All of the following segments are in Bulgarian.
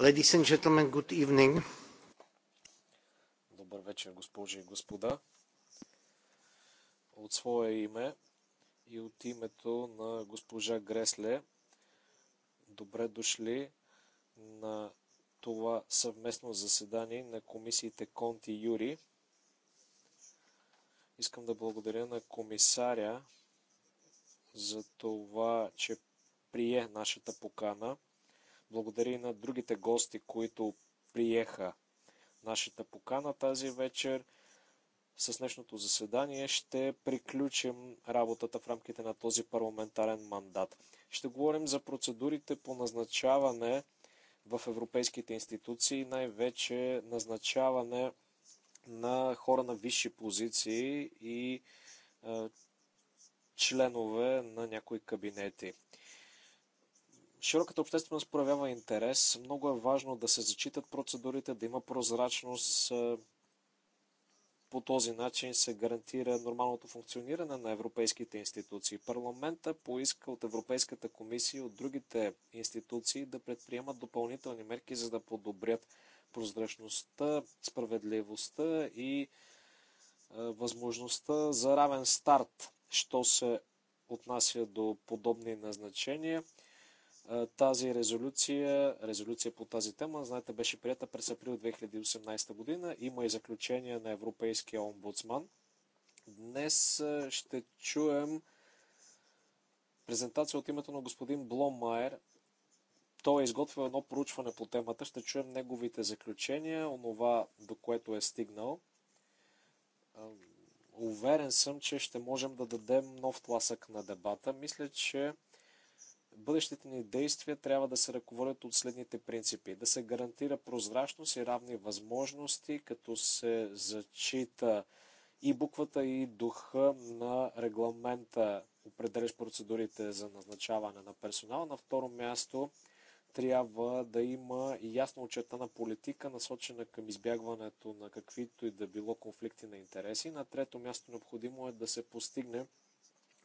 Ladies and gentlemen, good evening. Добър вечер, госпожи и господа. От свое име и от името на госпожа Гресле, добре дошли на това съвместно заседание на комисиите Конти и Юри. Искам да благодаря на комисаря за това, че прие нашата покана – благодаря и на другите гости, които приеха нашата покана тази вечер. С днешното заседание ще приключим работата в рамките на този парламентарен мандат. Ще говорим за процедурите по назначаване в европейските институции, най-вече назначаване на хора на висши позиции и е, членове на някои кабинети. Широката общественост проявява интерес. Много е важно да се зачитат процедурите, да има прозрачност. Е, по този начин се гарантира нормалното функциониране на европейските институции. Парламента поиска от Европейската комисия и от другите институции да предприемат допълнителни мерки, за да подобрят прозрачността, справедливостта и е, възможността за равен старт, що се отнася до подобни назначения. Тази резолюция, резолюция по тази тема, знаете, беше прията през април 2018 година. Има и заключение на Европейския омбудсман. Днес ще чуем презентация от името на господин Бломайер. Той е изготвил едно проучване по темата. Ще чуем неговите заключения, онова до което е стигнал. Уверен съм, че ще можем да дадем нов тласък на дебата. Мисля, че Бъдещите ни действия трябва да се ръководят от следните принципи. Да се гарантира прозрачност и равни възможности, като се зачита и буквата и духа на регламента, определящ процедурите за назначаване на персонал. На второ място трябва да има и ясно очертана политика, насочена към избягването на каквито и да било конфликти на интереси. На трето място необходимо е да се постигне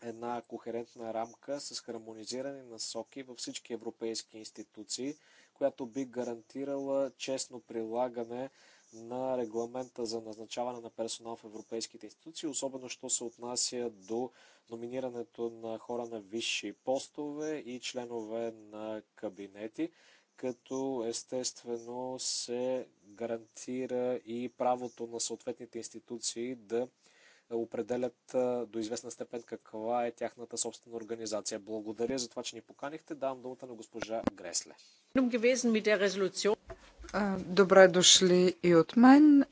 една кохерентна рамка с хармонизирани насоки във всички европейски институции, която би гарантирала честно прилагане на регламента за назначаване на персонал в европейските институции, особено що се отнася до номинирането на хора на висши постове и членове на кабинети, като естествено се гарантира и правото на съответните институции да определят до известна степен каква е тяхната собствена организация. Благодаря за това, че ни поканихте. Давам думата на госпожа Гресле. Добре дошли и от мен.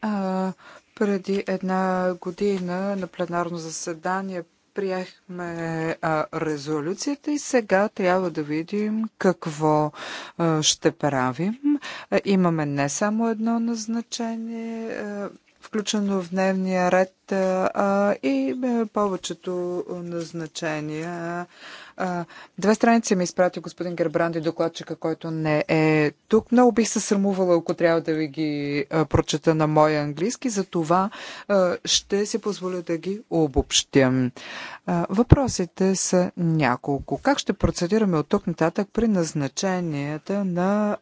Преди една година на пленарно заседание приехме а, резолюцията и сега трябва да видим какво а, ще правим. А, имаме не само едно назначение, а, включено в дневния ред и е, повечето назначения Две страници ми изпрати господин Гербранди, докладчика, който не е тук. Много бих се срамувала, ако трябва да ви ги прочета на моя английски, за това ще си позволя да ги обобщя. Въпросите са няколко. Как ще процедираме от тук нататък при назначенията на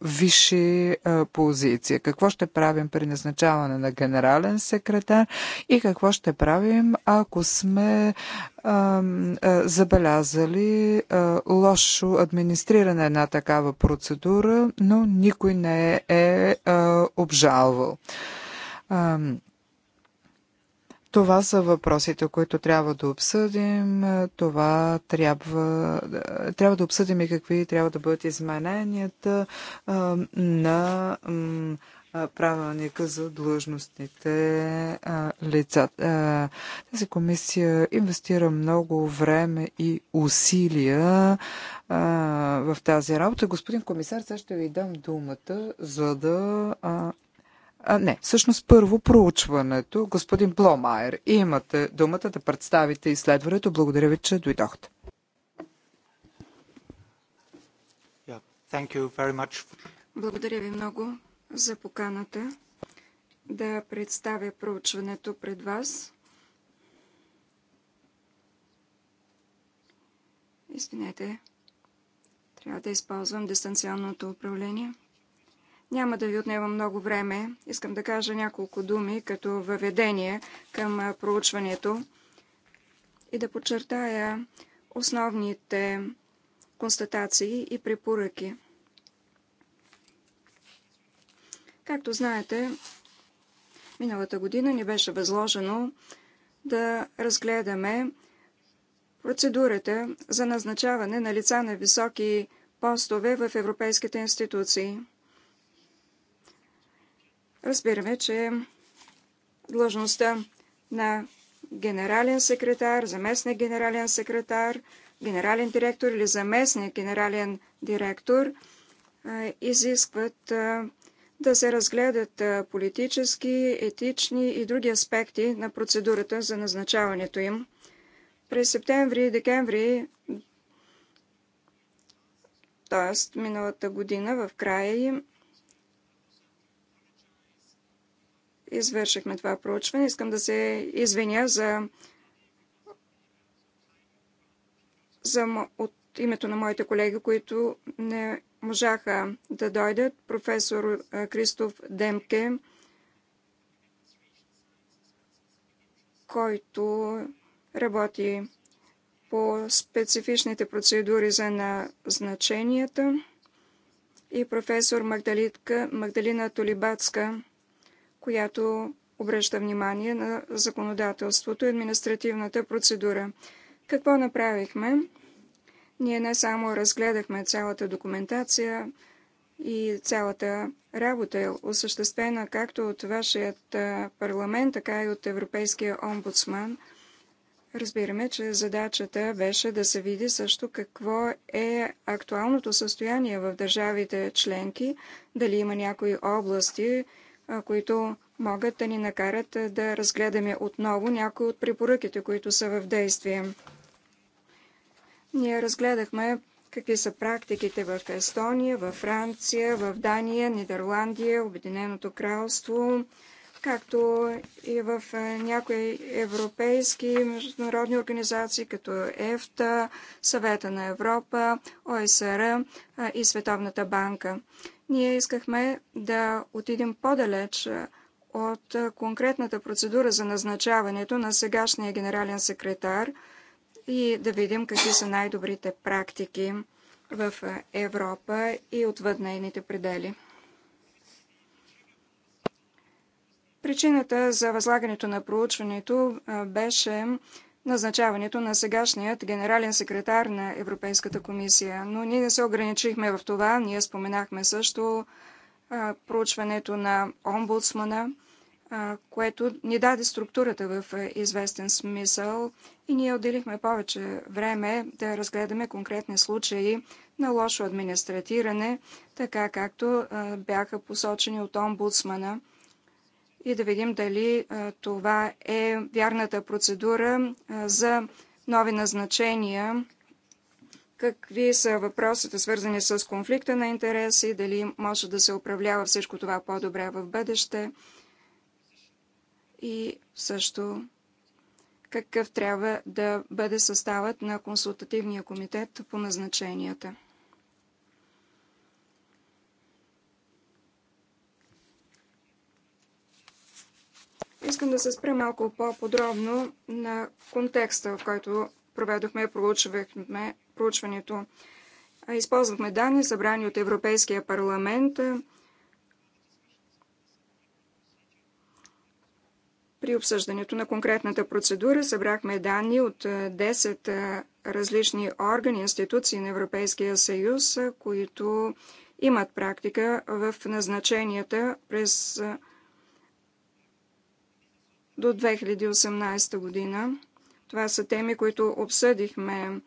висши позиции? Какво ще правим при назначаване на генерален секретар и какво ще правим, ако сме забелязали лошо администриране на една такава процедура, но никой не е обжалвал. Това са въпросите, които трябва да обсъдим. Това трябва, трябва да обсъдим и какви трябва да бъдат измененията на правилника за длъжностните лица. Тази комисия инвестира много време и усилия в тази работа. Господин комисар, сега ще ви дам думата, за да а, не, всъщност първо проучването. Господин Бломайер, имате думата да представите изследването. Благодаря ви, че дойдохте. Yeah, Благодаря ви много за поканата да представя проучването пред вас. Извинете, трябва да използвам дистанционното управление. Няма да ви отнема много време. Искам да кажа няколко думи като въведение към проучването и да подчертая основните констатации и препоръки. Както знаете, миналата година ни беше възложено да разгледаме процедурата за назначаване на лица на високи постове в европейските институции. Разбираме, че длъжността на генерален секретар, заместник генерален секретар, генерален директор или заместник генерален директор изискват да се разгледат политически, етични и други аспекти на процедурата за назначаването им. През септември и декември, т.е. миналата година, в края им, извършихме това проучване. Искам да се извиня за, за от името на моите колеги, които не можаха да дойдат професор е, Кристоф Демке, който работи по специфичните процедури за назначенията и професор Магдалитка, Магдалина Толибацка, която обръща внимание на законодателството и административната процедура. Какво направихме? Ние не само разгледахме цялата документация и цялата работа, е осъществена както от вашият парламент, така и от Европейския омбудсман. Разбираме, че задачата беше да се види също какво е актуалното състояние в държавите членки, дали има някои области, които могат да ни накарат да разгледаме отново някои от препоръките, които са в действие. Ние разгледахме какви са практиките в Естония, в Франция, в Дания, Нидерландия, Обединеното кралство, както и в е, някои европейски международни организации, като ЕФТА, Съвета на Европа, ОСР е, и Световната банка. Ние искахме да отидем по-далеч е, от конкретната процедура за назначаването на сегашния генерален секретар – и да видим какви са най-добрите практики в Европа и отвъд нейните предели. Причината за възлагането на проучването беше назначаването на сегашният генерален секретар на Европейската комисия. Но ние не се ограничихме в това. Ние споменахме също проучването на омбудсмана – което ни даде структурата в известен смисъл и ние отделихме повече време да разгледаме конкретни случаи на лошо администратиране, така както бяха посочени от омбудсмана и да видим дали това е вярната процедура за нови назначения, какви са въпросите свързани с конфликта на интереси, дали може да се управлява всичко това по-добре в бъдеще и също какъв трябва да бъде съставът на консултативния комитет по назначенията. Искам да се спра малко по-подробно на контекста, в който проведохме и проучването. Използвахме данни, събрани от Европейския парламент, При обсъждането на конкретната процедура събрахме данни от 10 различни органи, институции на Европейския съюз, които имат практика в назначенията през до 2018 година. Това са теми, които обсъдихме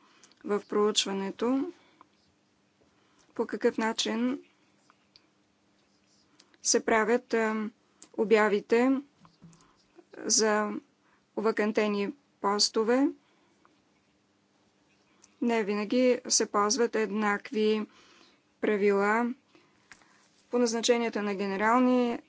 в проучването. По какъв начин се правят обявите за вакантени постове не винаги се ползват еднакви правила по назначенията на генерални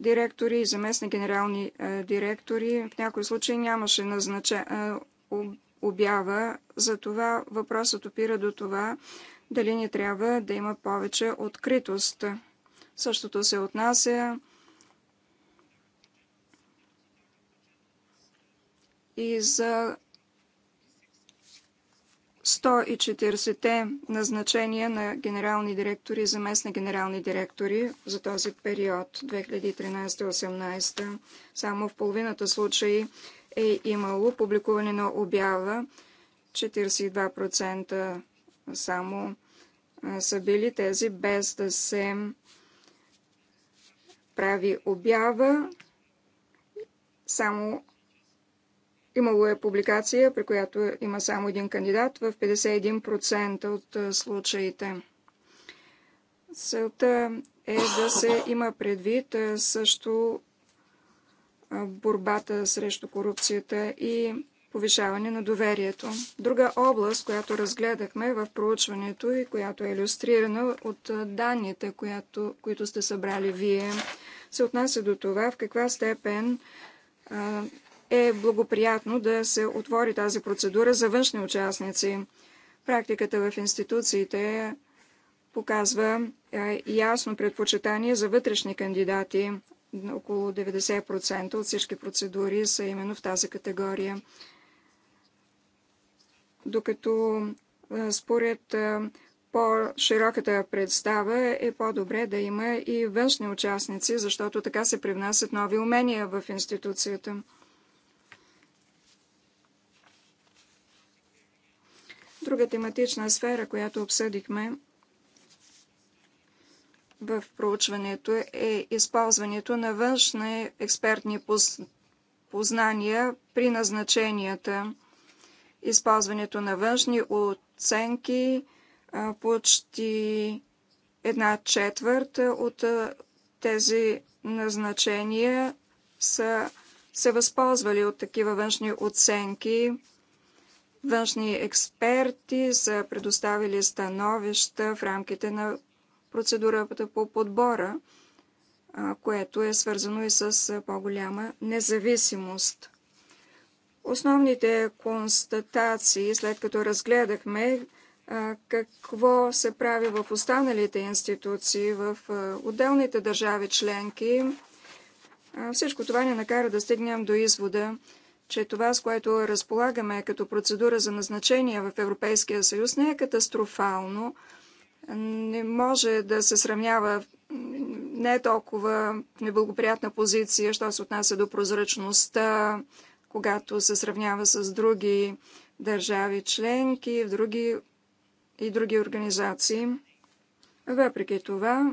директори и заместни генерални е, директори. В някои случаи нямаше е, обява. обява, затова въпросът опира до това дали ни трябва да има повече откритост. Същото се отнася и за 140-те назначения на генерални директори и заместни генерални директори за този период 2013-2018. Само в половината случаи е имало публикуване на обява. 42% само са били тези без да се прави обява. Само Имало е публикация, при която има само един кандидат в 51% от случаите. Целта е да се има предвид също борбата срещу корупцията и повишаване на доверието. Друга област, която разгледахме в проучването и която е иллюстрирана от данните, която, които сте събрали вие, се отнася до това в каква степен е благоприятно да се отвори тази процедура за външни участници. Практиката в институциите показва е, ясно предпочитание за вътрешни кандидати. Около 90% от всички процедури са именно в тази категория. Докато е, според е, по-широката представа е по-добре да има и външни участници, защото така се привнасят нови умения в институцията. Друга тематична сфера, която обсъдихме в проучването е използването на външни експертни познания при назначенията, използването на външни оценки, почти една четвърт от тези назначения са се възползвали от такива външни оценки Външни експерти са предоставили становища в рамките на процедурата по подбора, което е свързано и с по-голяма независимост. Основните констатации, след като разгледахме какво се прави в останалите институции, в отделните държави членки, всичко това ни накара да стигнем до извода, че това, с което разполагаме като процедура за назначение в Европейския съюз, не е катастрофално. Не може да се сравнява не е толкова неблагоприятна позиция, що се отнася до прозрачността, когато се сравнява с други държави членки в други, и други организации. Въпреки това,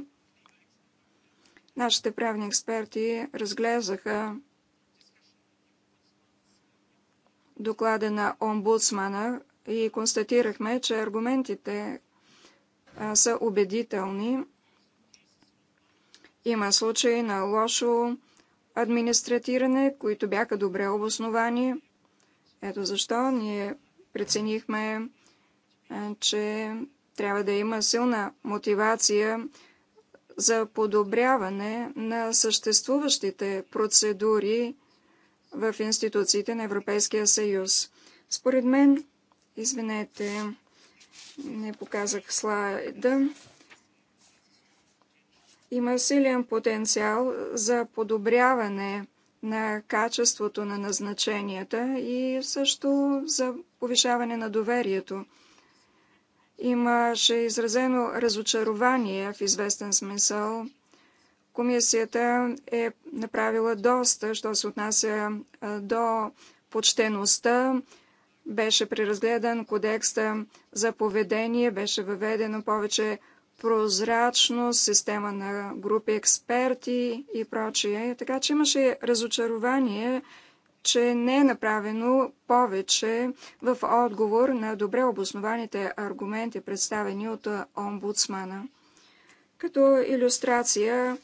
нашите правни експерти разглеждаха доклада на омбудсмана и констатирахме, че аргументите са убедителни. Има случаи на лошо администратиране, които бяха добре обосновани. Ето защо ние преценихме, че трябва да има силна мотивация за подобряване на съществуващите процедури в институциите на Европейския съюз. Според мен, извинете, не показах слайда, има силен потенциал за подобряване на качеството на назначенията и също за повишаване на доверието. Имаше изразено разочарование в известен смисъл – Комисията е направила доста, що се отнася до почтеността. Беше преразгледан кодекста за поведение, беше въведено повече прозрачност, система на групи експерти и прочие. Така че имаше разочарование, че не е направено повече в отговор на добре обоснованите аргументи, представени от омбудсмана. Като иллюстрация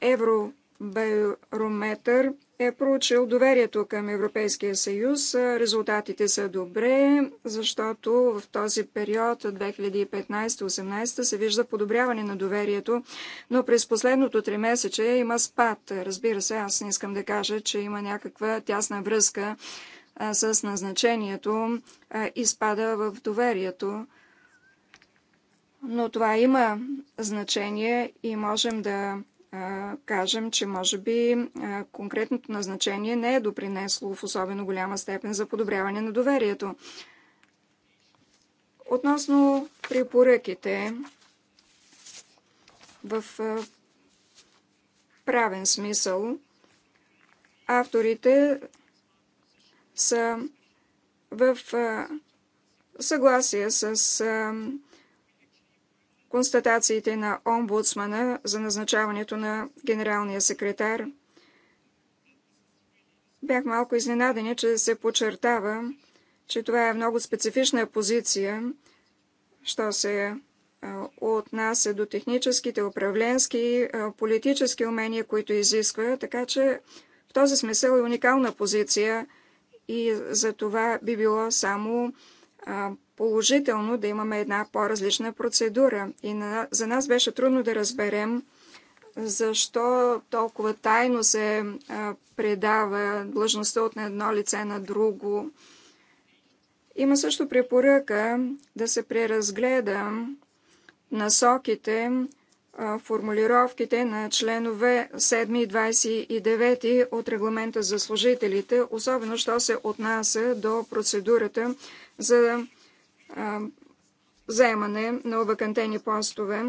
Евробарометър е проучил доверието към Европейския съюз. Резултатите са добре, защото в този период 2015-2018 се вижда подобряване на доверието, но през последното три месече има спад. Разбира се, аз не искам да кажа, че има някаква тясна връзка с назначението и спада в доверието. Но това има значение и можем да кажем, че може би конкретното назначение не е допринесло в особено голяма степен за подобряване на доверието. Относно препоръките, в правен смисъл, авторите са в съгласие с констатациите на омбудсмана за назначаването на генералния секретар. Бях малко изненадени, че се подчертава, че това е много специфична позиция, що се отнася до техническите, управленски, политически умения, които изисква. Така че в този смисъл е уникална позиция и за това би било само положително да имаме една по-различна процедура. И на, за нас беше трудно да разберем защо толкова тайно се а, предава длъжността от едно лице на друго. Има също препоръка да се преразгледа насоките, а, формулировките на членове 7 и 29 от регламента за служителите, особено що се отнася до процедурата за заемане на овакантени постове.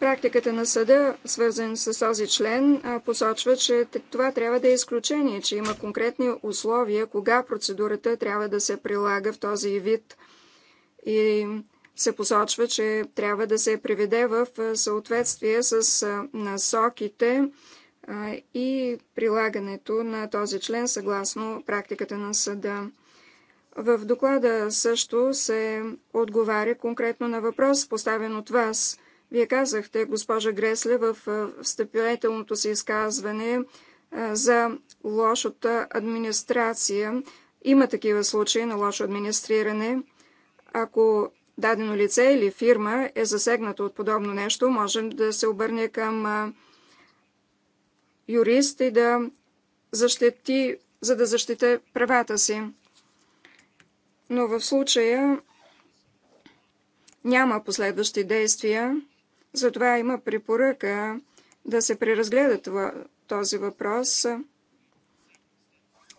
Практиката на съда, свързан с този член, посочва, че това трябва да е изключение, че има конкретни условия, кога процедурата трябва да се прилага в този вид. И се посочва, че трябва да се приведе в съответствие с насоките и прилагането на този член съгласно практиката на съда. В доклада също се отговаря конкретно на въпрос, поставен от вас. Вие казахте, госпожа Гресле, в встъпилетелното си изказване за лошата администрация. Има такива случаи на лошо администриране. Ако дадено лице или фирма е засегнато от подобно нещо, можем да се обърне към юрист и да защити, за да защите правата си. Но в случая няма последващи действия, затова има препоръка да се преразгледа този въпрос,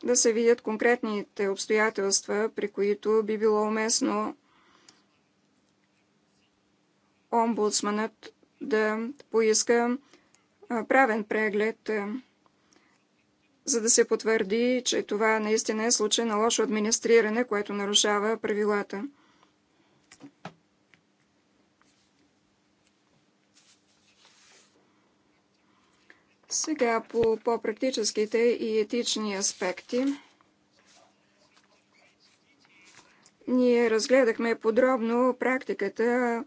да се видят конкретните обстоятелства, при които би било уместно омбудсманът да поиска правен преглед, за да се потвърди, че това наистина е случай на лошо администриране, което нарушава правилата. Сега по по-практическите и етични аспекти. Ние разгледахме подробно практиката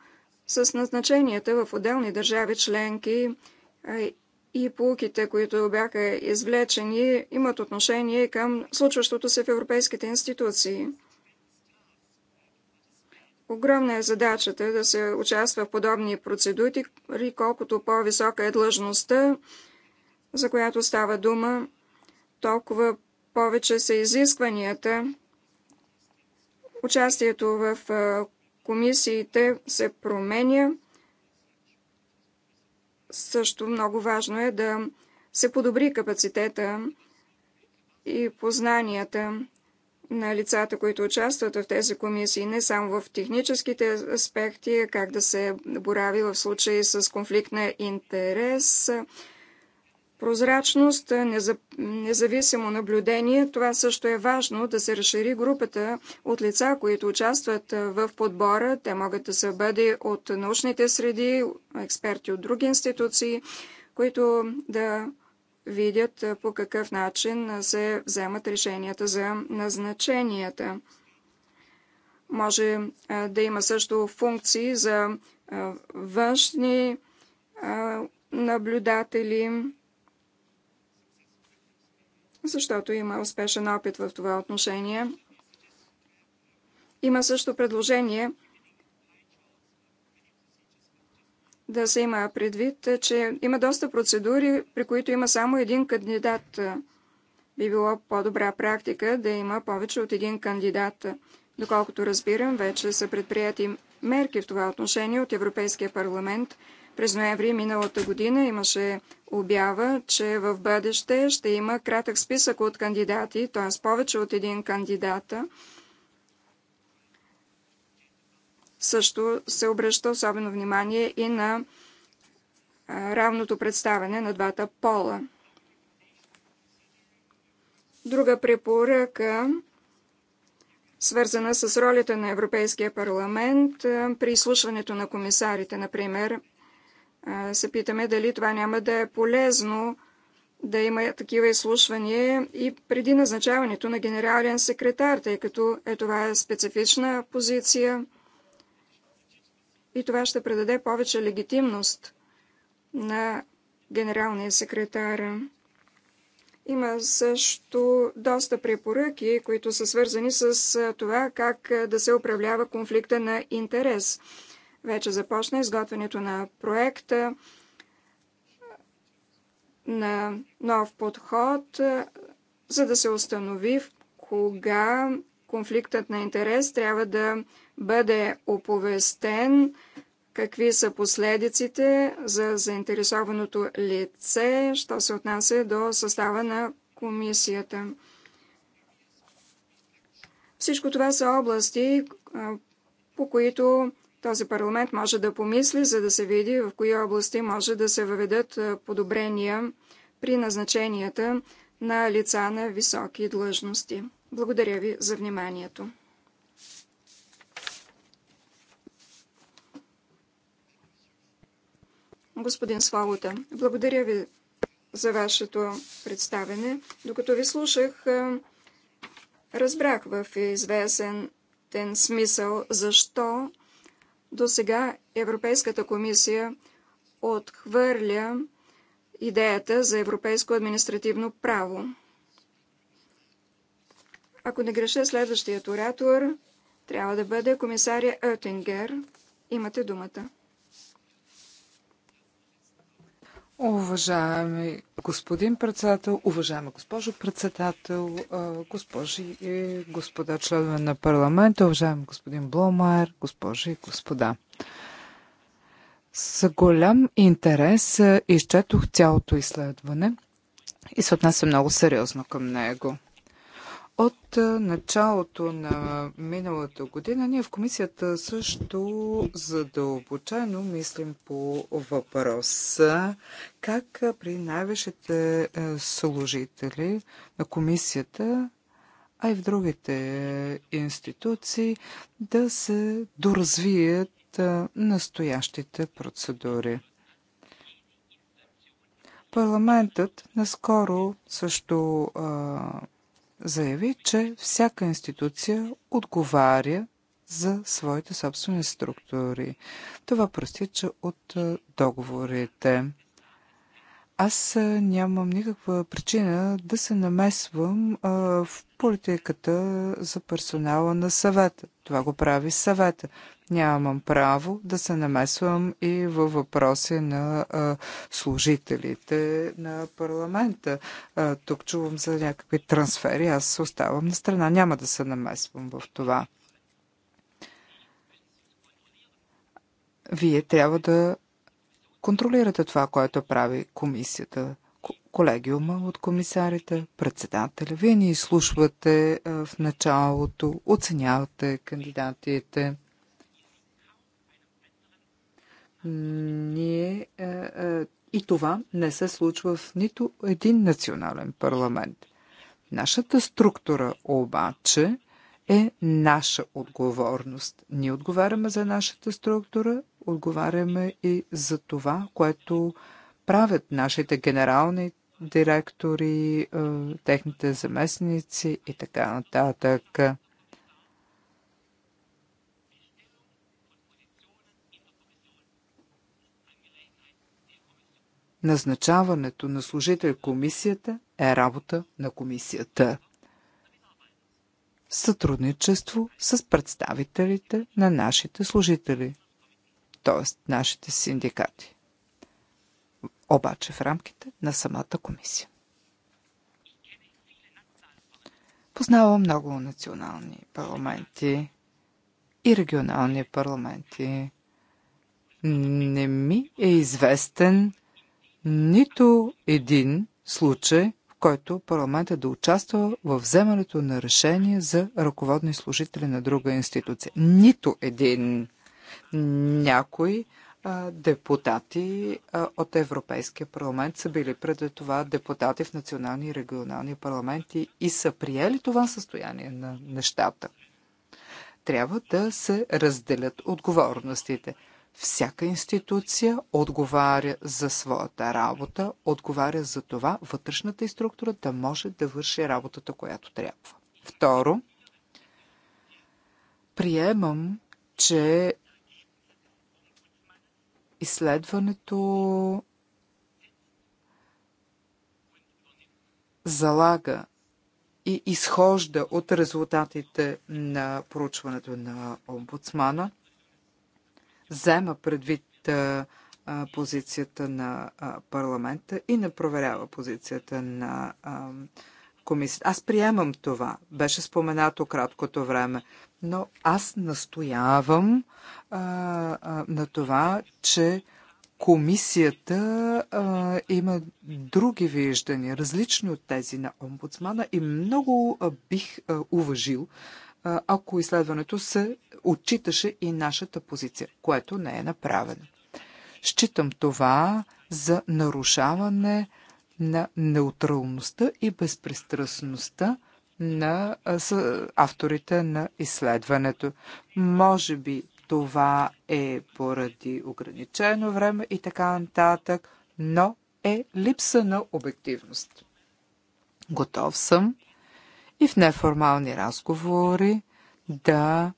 с назначенията в отделни държави членки, и полуките, които бяха извлечени, имат отношение към случващото се в европейските институции. Огромна е задачата да се участва в подобни процедури, колкото по-висока е длъжността, за която става дума, толкова повече са изискванията. Участието в комисиите се променя. Също много важно е да се подобри капацитета и познанията на лицата, които участват в тези комисии, не само в техническите аспекти, как да се борави в случай с конфликт на интерес, Прозрачност, е, независимо наблюдение, това също е важно да се разшири групата от лица, които участват е, в подбора. Те могат да се бъде от научните среди, експерти от други институции, които да видят е, по какъв начин се вземат решенията за назначенията. Може да има също функции за външни наблюдатели, защото има успешен опит в това отношение. Има също предложение да се има предвид, че има доста процедури, при които има само един кандидат. Би било по-добра практика да има повече от един кандидат. Доколкото разбирам, вече са предприяти мерки в това отношение от Европейския парламент – през ноември миналата година имаше обява, че в бъдеще ще има кратък списък от кандидати, т.е. повече от един кандидата. Също се обръща особено внимание и на равното представяне на двата пола. Друга препоръка, свързана с ролята на Европейския парламент при изслушването на комисарите, например, се питаме дали това няма да е полезно да има такива изслушвания и преди назначаването на генерален секретар, тъй като е това е специфична позиция и това ще предаде повече легитимност на генералния секретар. Има също доста препоръки, които са свързани с това как да се управлява конфликта на интерес – вече започна изготвянето на проекта на нов подход, за да се установи в кога конфликтът на интерес трябва да бъде оповестен, какви са последиците за заинтересованото лице, що се отнася до състава на комисията. Всичко това са области, по които този парламент може да помисли, за да се види в кои области може да се въведат подобрения при назначенията на лица на високи длъжности. Благодаря ви за вниманието. Господин Свалута, благодаря ви за вашето представене. Докато ви слушах, разбрах в известен смисъл защо до сега Европейската комисия отхвърля идеята за европейско административно право. Ако не греша, следващият оратор трябва да бъде комисаря Оттингер. Имате думата. Уважаеми господин председател, уважаема госпожо председател, госпожи и господа членове на парламента, уважаеми господин Бломар, госпожи и господа. С голям интерес изчетох цялото изследване и се отнася много сериозно към него. От началото на миналата година ние в комисията също задълбочено мислим по въпроса как при най-висшите служители на комисията, а и в другите институции да се доразвият настоящите процедури. Парламентът наскоро също заяви, че всяка институция отговаря за своите собствени структури. Това простича от договорите. Аз нямам никаква причина да се намесвам а, в политиката за персонала на съвета. Това го прави съвета. Нямам право да се намесвам и във въпроси на а, служителите на парламента. А, тук чувам за някакви трансфери, аз оставам на страна. Няма да се намесвам в това. Вие трябва да контролирате това, което прави комисията колегиума от комисарите, председателя. Вие ни изслушвате в началото, оценявате кандидатите. Ние е, е, и това не се случва в нито един национален парламент. Нашата структура обаче е наша отговорност. Ние отговаряме за нашата структура, отговаряме и за това, което правят нашите генерални директори, е, техните заместници и така нататък. Назначаването на служител комисията е работа на комисията. сътрудничество с представителите на нашите служители, т.е. нашите синдикати. Обаче в рамките на самата комисия. Познавам много национални парламенти и регионални парламенти. Не ми е известен нито един случай, в който парламентът да участва в вземането на решение за ръководни служители на друга институция. Нито един някой депутати от Европейския парламент са били преди това депутати в национални и регионални парламенти и са приели това състояние на нещата. Трябва да се разделят отговорностите. Всяка институция отговаря за своята работа, отговаря за това вътрешната и структура да може да върши работата, която трябва. Второ, приемам, че изследването залага и изхожда от резултатите на проучването на омбудсмана взема предвид позицията на парламента и не проверява позицията на комисията. Аз приемам това. Беше споменато краткото време. Но аз настоявам а, а, на това, че комисията а, има други виждания, различни от тези на омбудсмана и много а, бих а, уважил ако изследването се отчиташе и нашата позиция, което не е направено. Считам това за нарушаване на неутралността и безпристрастността на авторите на изследването. Може би това е поради ограничено време и така нататък, но е липса на обективност. Готов съм и в неформални разговори да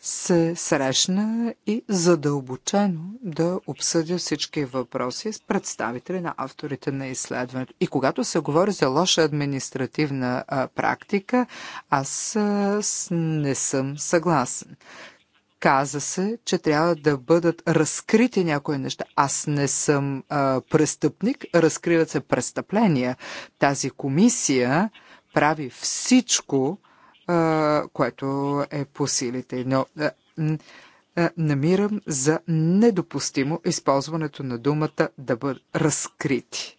се срещна и задълбочено да обсъдя всички въпроси с представители на авторите на изследването. И когато се говори за лоша административна а, практика, аз а, с, не съм съгласен. Каза се, че трябва да бъдат разкрити някои неща. Аз не съм а, престъпник, разкриват се престъпления. Тази комисия прави всичко, което е по силите. Но намирам за недопустимо използването на думата да бъдат разкрити.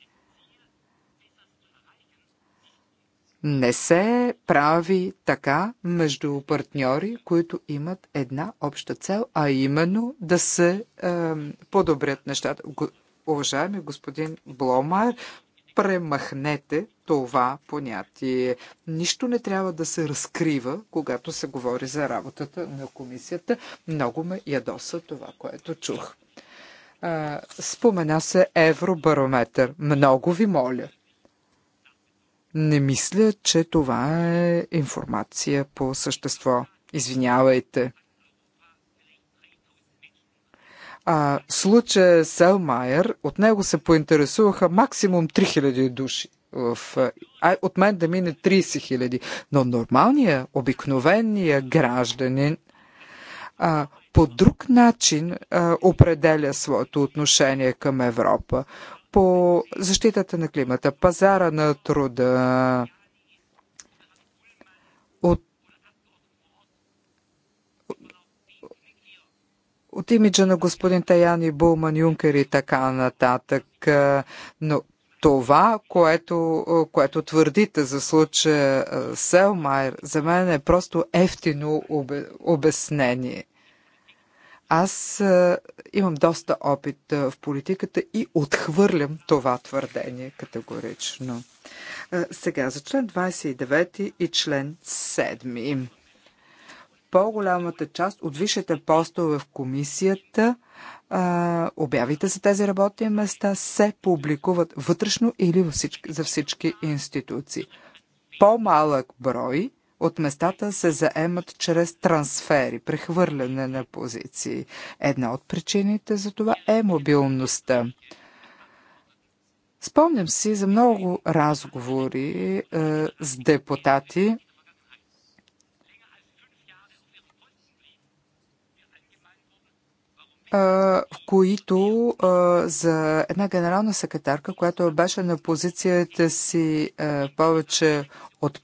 Не се прави така между партньори, които имат една обща цел, а именно да се е, подобрят нещата. Уважаеми господин Бломар, премахнете това понятие. Нищо не трябва да се разкрива, когато се говори за работата на комисията. Много ме ядоса това, което чух. спомена се евробарометър. Много ви моля. Не мисля, че това е информация по същество. Извинявайте. А, случая Селмайер, от него се поинтересуваха максимум 3000 души в, а, от мен да мине 30 хиляди. Но нормалният, обикновения гражданин а, по друг начин а, определя своето отношение към Европа. По защитата на климата, пазара на труда, от, от имиджа на господин Таяни, Булман, Юнкер и така нататък. Но това, което, е, което твърдите за случая е, Селмайер, за мен е просто ефтино обяснение. Аз е, имам доста опит в политиката и отхвърлям това твърдение категорично. сега за член 29 и член 7 по-голямата част от висшите постове в комисията, а, обявите за тези работни места се публикуват вътрешно или всички, за всички институции. По-малък брой от местата се заемат чрез трансфери, прехвърляне на позиции. Една от причините за това е мобилността. Спомням си за много разговори е, с депутати, в които за една генерална секретарка, която беше на позицията си повече от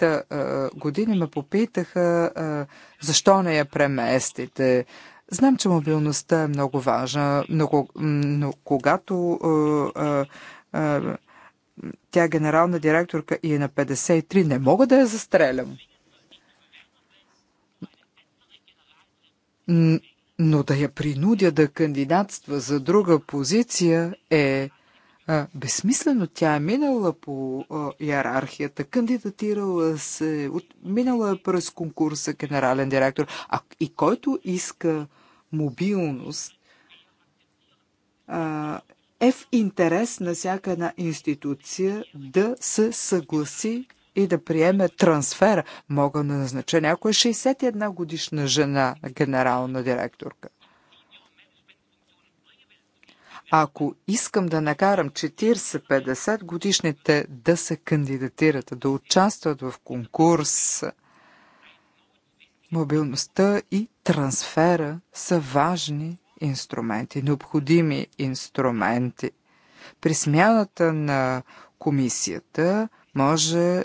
5 години, ме попитаха защо не я преместите. Знам, че мобилността е много важна, но, но когато тя е генерална директорка и е на 53, не мога да я застрелям но да я принудя да кандидатства за друга позиция е а, безсмислено. Тя е минала по а, иерархията, кандидатирала се, от, минала е през конкурса генерален директор. А, и който иска мобилност, а, е в интерес на всяка една институция да се съгласи и да приеме трансфера. Мога да назнача някоя 61 годишна жена, генерална директорка. Ако искам да накарам 40-50 годишните да се кандидатират, да участват в конкурс, мобилността и трансфера са важни инструменти, необходими инструменти. При смяната на комисията може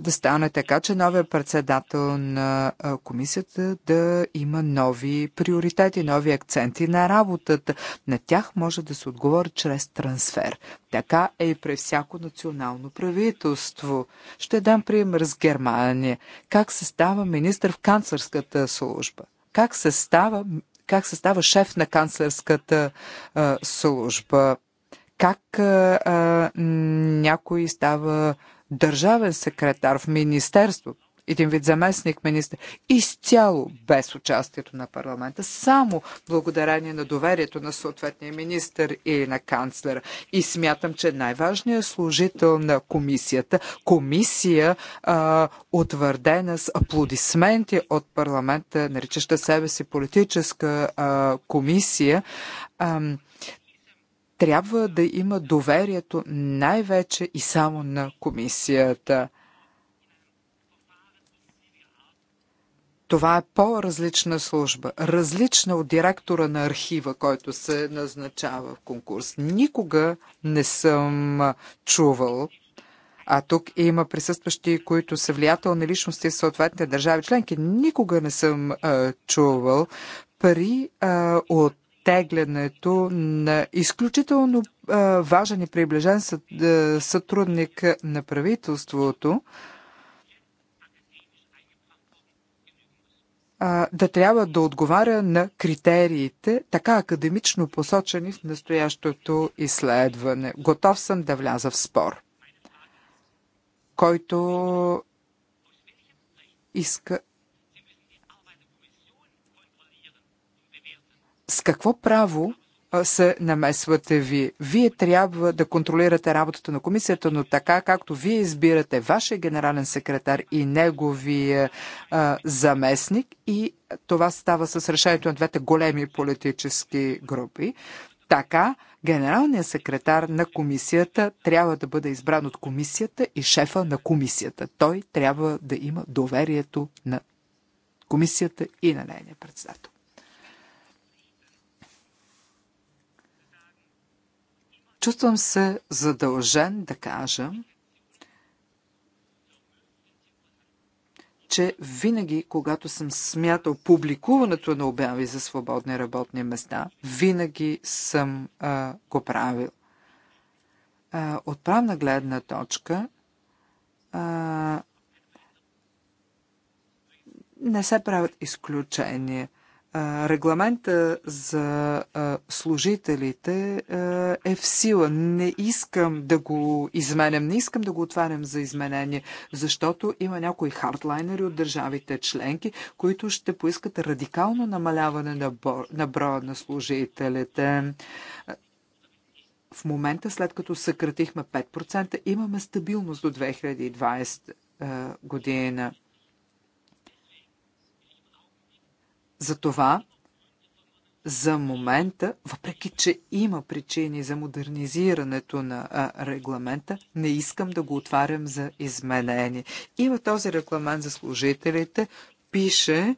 да стане така, че новия председател на комисията да има нови приоритети, нови акценти на работата. На тях може да се отговори чрез трансфер. Така е и при всяко национално правителство. Ще дам пример с Германия. Как се става министр в канцлерската служба? Как се става, как се става шеф на канцлерската а, служба? Как а, а, някой става държавен секретар в Министерството, един вид заместник министър изцяло без участието на парламента, само благодарение на доверието на съответния министър и на канцлера. И смятам, че най-важният служител на комисията, комисия а, утвърдена с аплодисменти от парламента, наричаща себе си политическа а, комисия, а, трябва да има доверието най-вече и само на комисията. Това е по-различна служба, различна от директора на архива, който се назначава в конкурс. Никога не съм чувал, а тук има присъстващи, които са влиятелни личности в съответните държави членки, никога не съм а, чувал пари а, от оттеглянето на изключително важен и приближен сътрудник на правителството, да трябва да отговаря на критериите, така академично посочени в настоящото изследване. Готов съм да вляза в спор, който иска С какво право се намесвате ви. Вие трябва да контролирате работата на комисията, но така както вие избирате вашия генерален секретар и неговия а, заместник и това става с решението на двете големи политически групи, така генералният секретар на комисията трябва да бъде избран от комисията и шефа на комисията. Той трябва да има доверието на комисията и на нейния председател. Чувствам се задължен да кажа, че винаги, когато съм смятал публикуването на обяви за свободни работни места, винаги съм а, го правил. А, от правна гледна точка, а, не се правят изключения регламента за служителите е в сила. Не искам да го изменям, не искам да го отварям за изменение, защото има някои хардлайнери от държавите членки, които ще поискат радикално намаляване на, на броя на служителите. В момента, след като съкратихме 5%, имаме стабилност до 2020 година. Затова за момента, въпреки че има причини за модернизирането на регламента, не искам да го отварям за изменение. И в този регламент за служителите пише,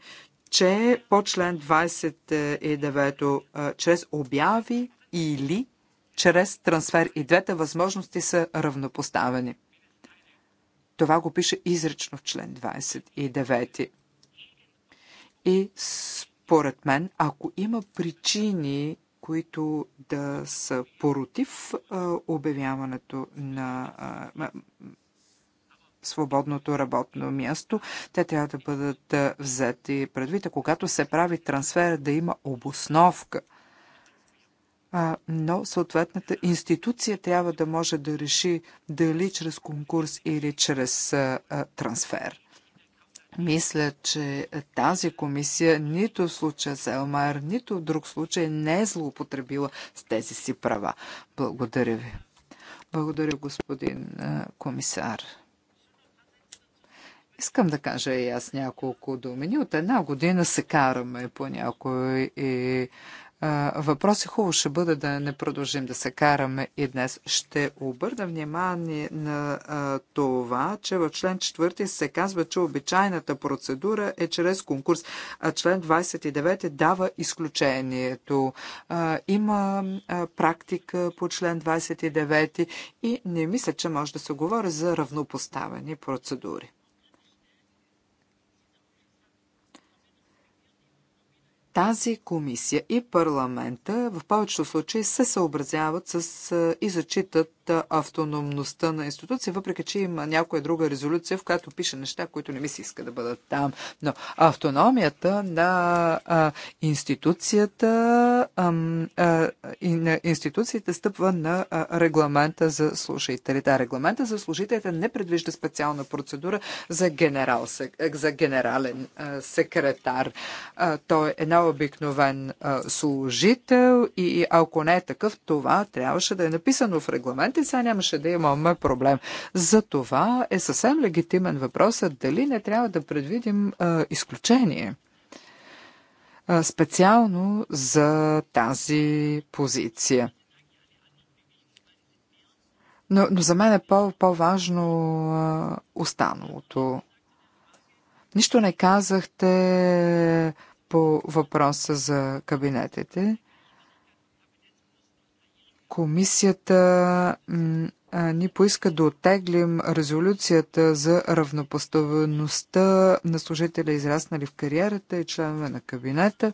че по член 29 чрез обяви или чрез трансфер и двете възможности са равнопоставени. Това го пише изрично в член 29. И според мен, ако има причини, които да са против обявяването на свободното работно място, те трябва да бъдат взети предвид. А когато се прави трансфер, да има обосновка. Но съответната институция трябва да може да реши дали чрез конкурс или чрез трансфер. Мисля, че тази комисия нито в случая с Елмайер, нито в друг случай не е злоупотребила с тези си права. Благодаря ви. Благодаря, господин комисар. Искам да кажа и аз няколко думи. Ние от една година се караме по някои Въпрос е Хубаво ще бъде да не продължим да се караме и днес. Ще обърна внимание на а, това, че в член 4 се казва, че обичайната процедура е чрез конкурс, а член 29 дава изключението. А, има а, практика по член 29 и не мисля, че може да се говори за равнопоставени процедури. тази комисия и парламента в повечето случаи се съобразяват с и зачитат автономността на институция, въпреки че има някоя друга резолюция, в която пише неща, които не ми се иска да бъдат там. Но автономията на а, институцията а, а, и на институциите стъпва на а, регламента за служителите. регламента за служителите не предвижда специална процедура за, генерал, за генерален а, секретар. А, той е една обикновен служител и ако не е такъв, това трябваше да е написано в регламент и сега нямаше да имаме проблем. За това е съвсем легитимен въпросът дали не трябва да предвидим изключение специално за тази позиция. Но, но за мен е по, по-важно останалото. Нищо не казахте по въпроса за кабинетите. Комисията ни поиска да оттеглим резолюцията за равнопоставеността на служителя, израснали в кариерата и членове на кабинета.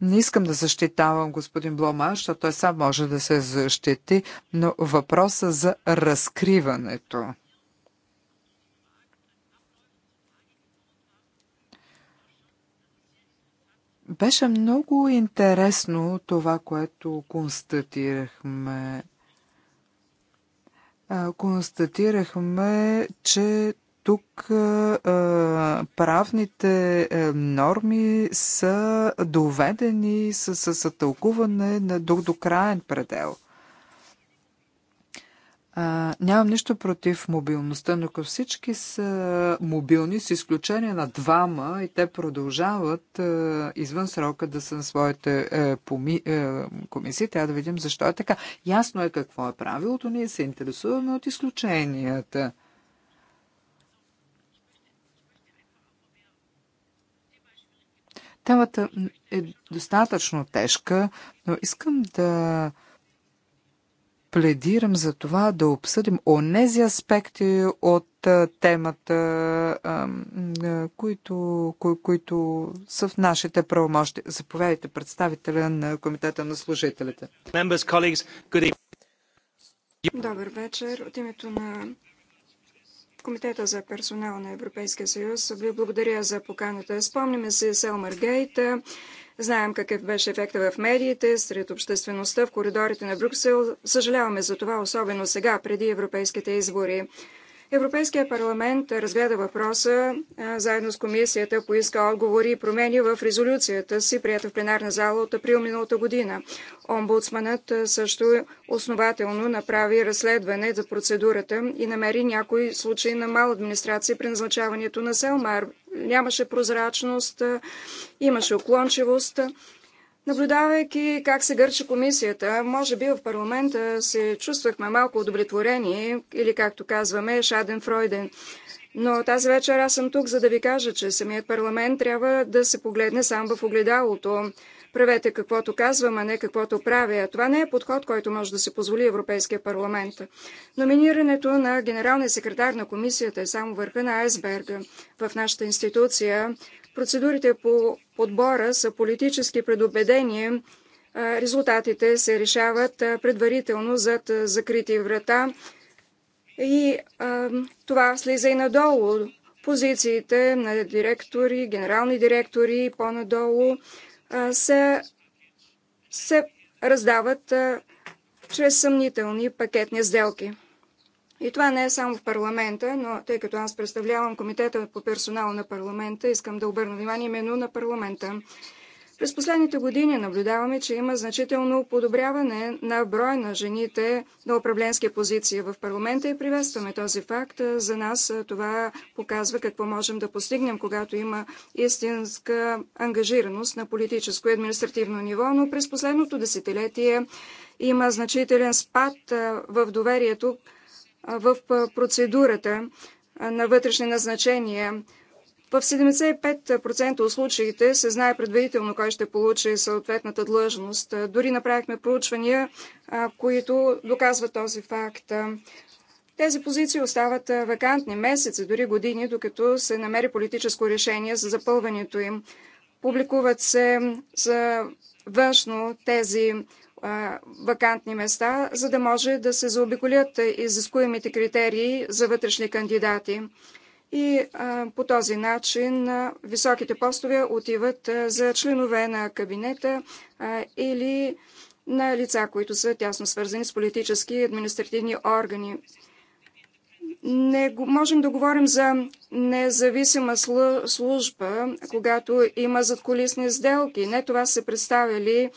Не искам да защитавам господин Блома, защото той сам може да се защити, но въпроса за разкриването Беше много интересно това, което констатирахме. Констатирахме, че тук правните норми са доведени, с тълкуване на, до, до краен предел. А, нямам нищо против мобилността, но ако всички са мобилни, с изключение на двама, и те продължават а, извън срока да са на своите е, поми, е, комисии, трябва да видим защо е така. Ясно е какво е правилото, ние се интересуваме от изключенията. Темата е достатъчно тежка, но искам да пледирам за това да обсъдим онези аспекти от темата, които, които са в нашите правомощи. Заповядайте представителя на Комитета на служителите. Добър вечер. От името на Комитета за персонал на Европейския съюз ви благодаря за поканата. Спомняме се Селмар Гейт Знаем какъв беше ефекта в медиите, сред обществеността, в коридорите на Брюксел. Съжаляваме за това, особено сега, преди европейските избори. Европейския парламент разгледа въпроса а, заедно с комисията, поиска отговори и промени в резолюцията си, прията в пленарна зала от април миналата година. Омбудсманът също основателно направи разследване за процедурата и намери някои случаи на мал администрация при назначаването на Селмар нямаше прозрачност, имаше уклончивост. Наблюдавайки как се гърчи комисията, може би в парламента се чувствахме малко удовлетворени или както казваме Шаден Фройден. Но тази вечер аз съм тук, за да ви кажа, че самият парламент трябва да се погледне сам в огледалото правете каквото казвам, а не каквото правя. Това не е подход, който може да се позволи Европейския парламент. Номинирането на генералния секретар на комисията е само върха на айсберга. В нашата институция процедурите по подбора са политически предубедения резултатите се решават предварително зад закрити врата. И а, това слиза и надолу. Позициите на директори, генерални директори и по-надолу се, се раздават чрез съмнителни пакетни сделки. И това не е само в парламента, но тъй като аз представлявам комитета по персонал на парламента, искам да обърна внимание именно на парламента. През последните години наблюдаваме, че има значително подобряване на брой на жените на управленски позиции в парламента и приветстваме този факт. За нас това показва какво можем да постигнем, когато има истинска ангажираност на политическо и административно ниво, но през последното десетилетие има значителен спад в доверието в процедурата на вътрешни назначения в 75% от случаите се знае предварително кой ще получи съответната длъжност. Дори направихме проучвания, които доказват този факт. Тези позиции остават вакантни месеци, дори години, докато се намери политическо решение за запълването им. Публикуват се за външно тези вакантни места, за да може да се заобиколят изискуемите критерии за вътрешни кандидати и а, по този начин а, високите постове отиват а, за членове на кабинета а, или на лица, които са тясно свързани с политически и административни органи. Не можем да говорим за независима служба, когато има задколисни сделки. Не това са представили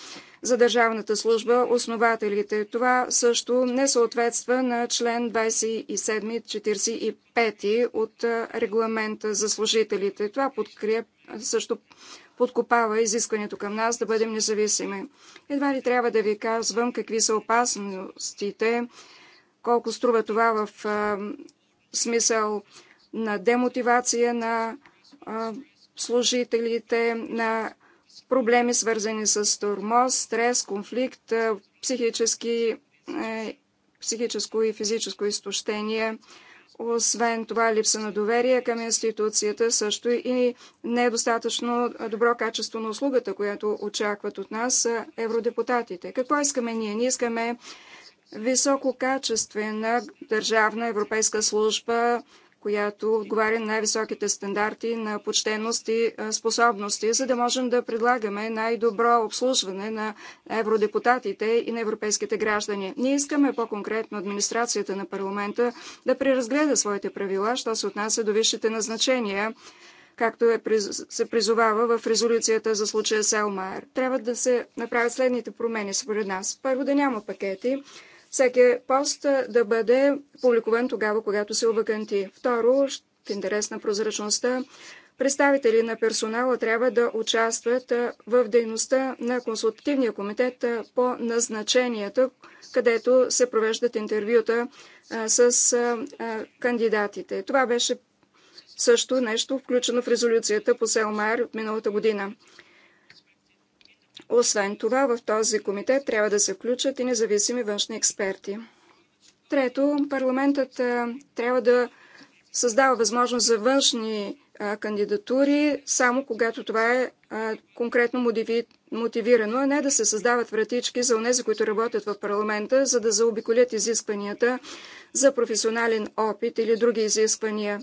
за държавната служба основателите. Това също не съответства на член 27-45 от регламента за служителите. Това подкреп, също подкопава изискването към нас да бъдем независими. Едва ли трябва да ви казвам какви са опасностите, колко струва това в а, смисъл на демотивация на а, служителите, на проблеми, свързани с тормоз, стрес, конфликт, е, психически, е, психическо и физическо изтощение. Освен това, липса на доверие към институцията, също и недостатъчно добро качество на услугата, която очакват от нас е, евродепутатите. Какво искаме ние? Ние искаме висококачествена държавна европейска служба, която отговаря на най-високите стандарти на почтеност и способности, за да можем да предлагаме най-добро обслужване на евродепутатите и на европейските граждани. Ние искаме по-конкретно администрацията на парламента да преразгледа своите правила, що се отнася до висшите назначения, както е, се призовава в резолюцията за случая Селмайер. Трябва да се направят следните промени според нас. Първо да няма пакети, всеки пост да бъде публикуван тогава, когато се оваканти. Второ, в интерес на прозрачността, представители на персонала трябва да участват в дейността на консултативния комитет по назначенията, където се провеждат интервюта с кандидатите. Това беше също нещо включено в резолюцията по Селмар от миналата година. Освен това, в този комитет трябва да се включат и независими външни експерти. Трето, парламентът трябва да създава възможност за външни кандидатури, само когато това е конкретно мотивирано, а не да се създават вратички за онези, които работят в парламента, за да заобиколят изискванията за професионален опит или други изисквания.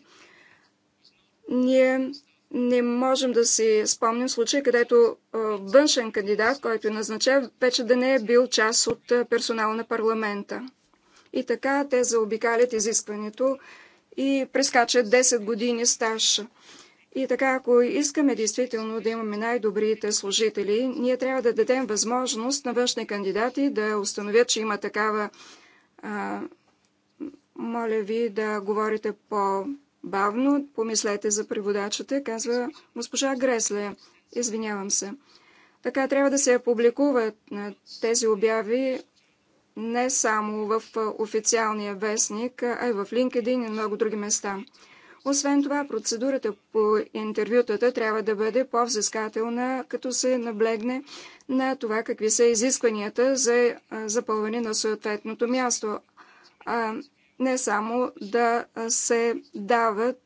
Ние не можем да си спомним случай, където външен кандидат, който е назначен, вече да не е бил част от персонала на парламента. И така те заобикалят изискването и прескачат 10 години стаж. И така, ако искаме действително да имаме най-добрите служители, ние трябва да дадем възможност на външни кандидати да установят, че има такава. А, моля ви да говорите по бавно, помислете за преводачата, казва госпожа Гресле. Извинявам се. Така трябва да се публикуват е, тези обяви не само в е, официалния вестник, е, а и в LinkedIn и много други места. Освен това, процедурата по интервютата трябва да бъде по-взискателна, като се наблегне на това какви са изискванията за запълване на съответното място. А не само да се дават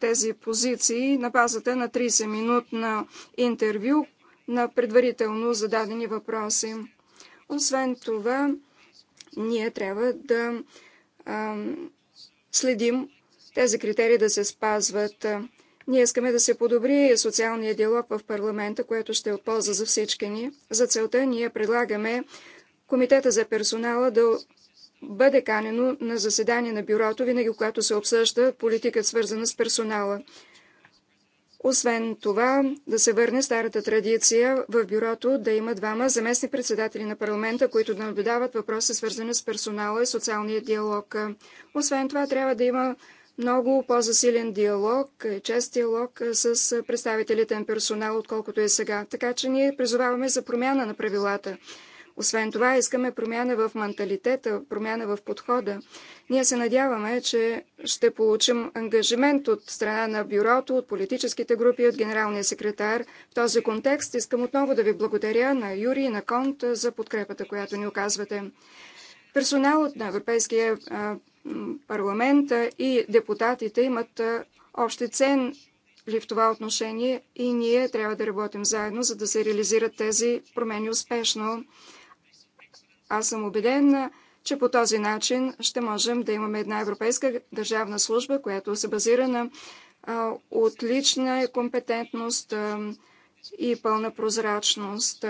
тези позиции на базата на 30 минутно интервю на предварително зададени въпроси. Освен това, ние трябва да следим тези критерии да се спазват. Ние искаме да се подобри социалния диалог в парламента, което ще е от полза за всички ни. За целта ние предлагаме Комитета за персонала да бъде канено на заседание на бюрото, винаги когато се обсъжда политика свързана с персонала. Освен това, да се върне старата традиция в бюрото да има двама заместни председатели на парламента, които да наблюдават въпроси свързани с персонала и социалния диалог. Освен това, трябва да има много по-засилен диалог, чест диалог с представителите на персонал, отколкото е сега. Така че ние призоваваме за промяна на правилата. Освен това, искаме промяна в менталитета, промяна в подхода. Ние се надяваме, че ще получим ангажимент от страна на бюрото, от политическите групи, от генералния секретар. В този контекст искам отново да ви благодаря на Юри и на Конт за подкрепата, която ни оказвате. Персоналът на Европейския парламент и депутатите имат общи цен ли в това отношение и ние трябва да работим заедно, за да се реализират тези промени успешно. Аз съм убеден, че по този начин ще можем да имаме една европейска държавна служба, която се базира на отлична компетентност и пълна прозрачност.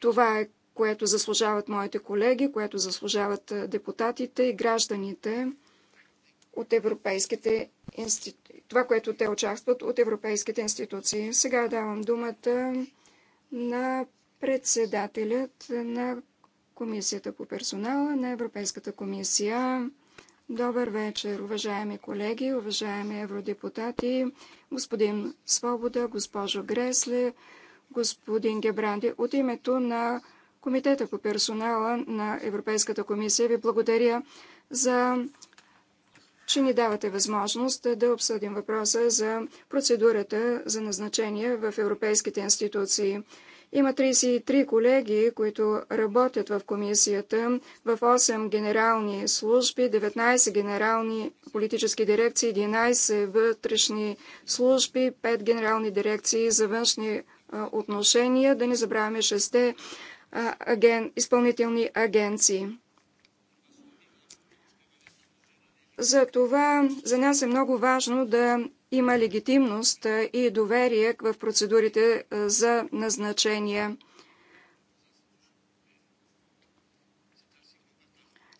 Това е което заслужават моите колеги, което заслужават депутатите и гражданите от европейските институции. Това, което те участват от европейските институции. Сега давам думата на председателят на Комисията по персонала на Европейската комисия. Добър вечер, уважаеми колеги, уважаеми евродепутати, господин Свобода, госпожо Гресле, господин Гебранди. От името на Комитета по персонала на Европейската комисия ви благодаря за че ни давате възможност да обсъдим въпроса за процедурата за назначение в европейските институции. Има 33 колеги, които работят в комисията, в 8 генерални служби, 19 генерални политически дирекции, 11 вътрешни служби, 5 генерални дирекции за външни отношения, да не забравяме 6 аген... изпълнителни агенции. За това за нас е много важно да има легитимност и доверие в процедурите за назначение.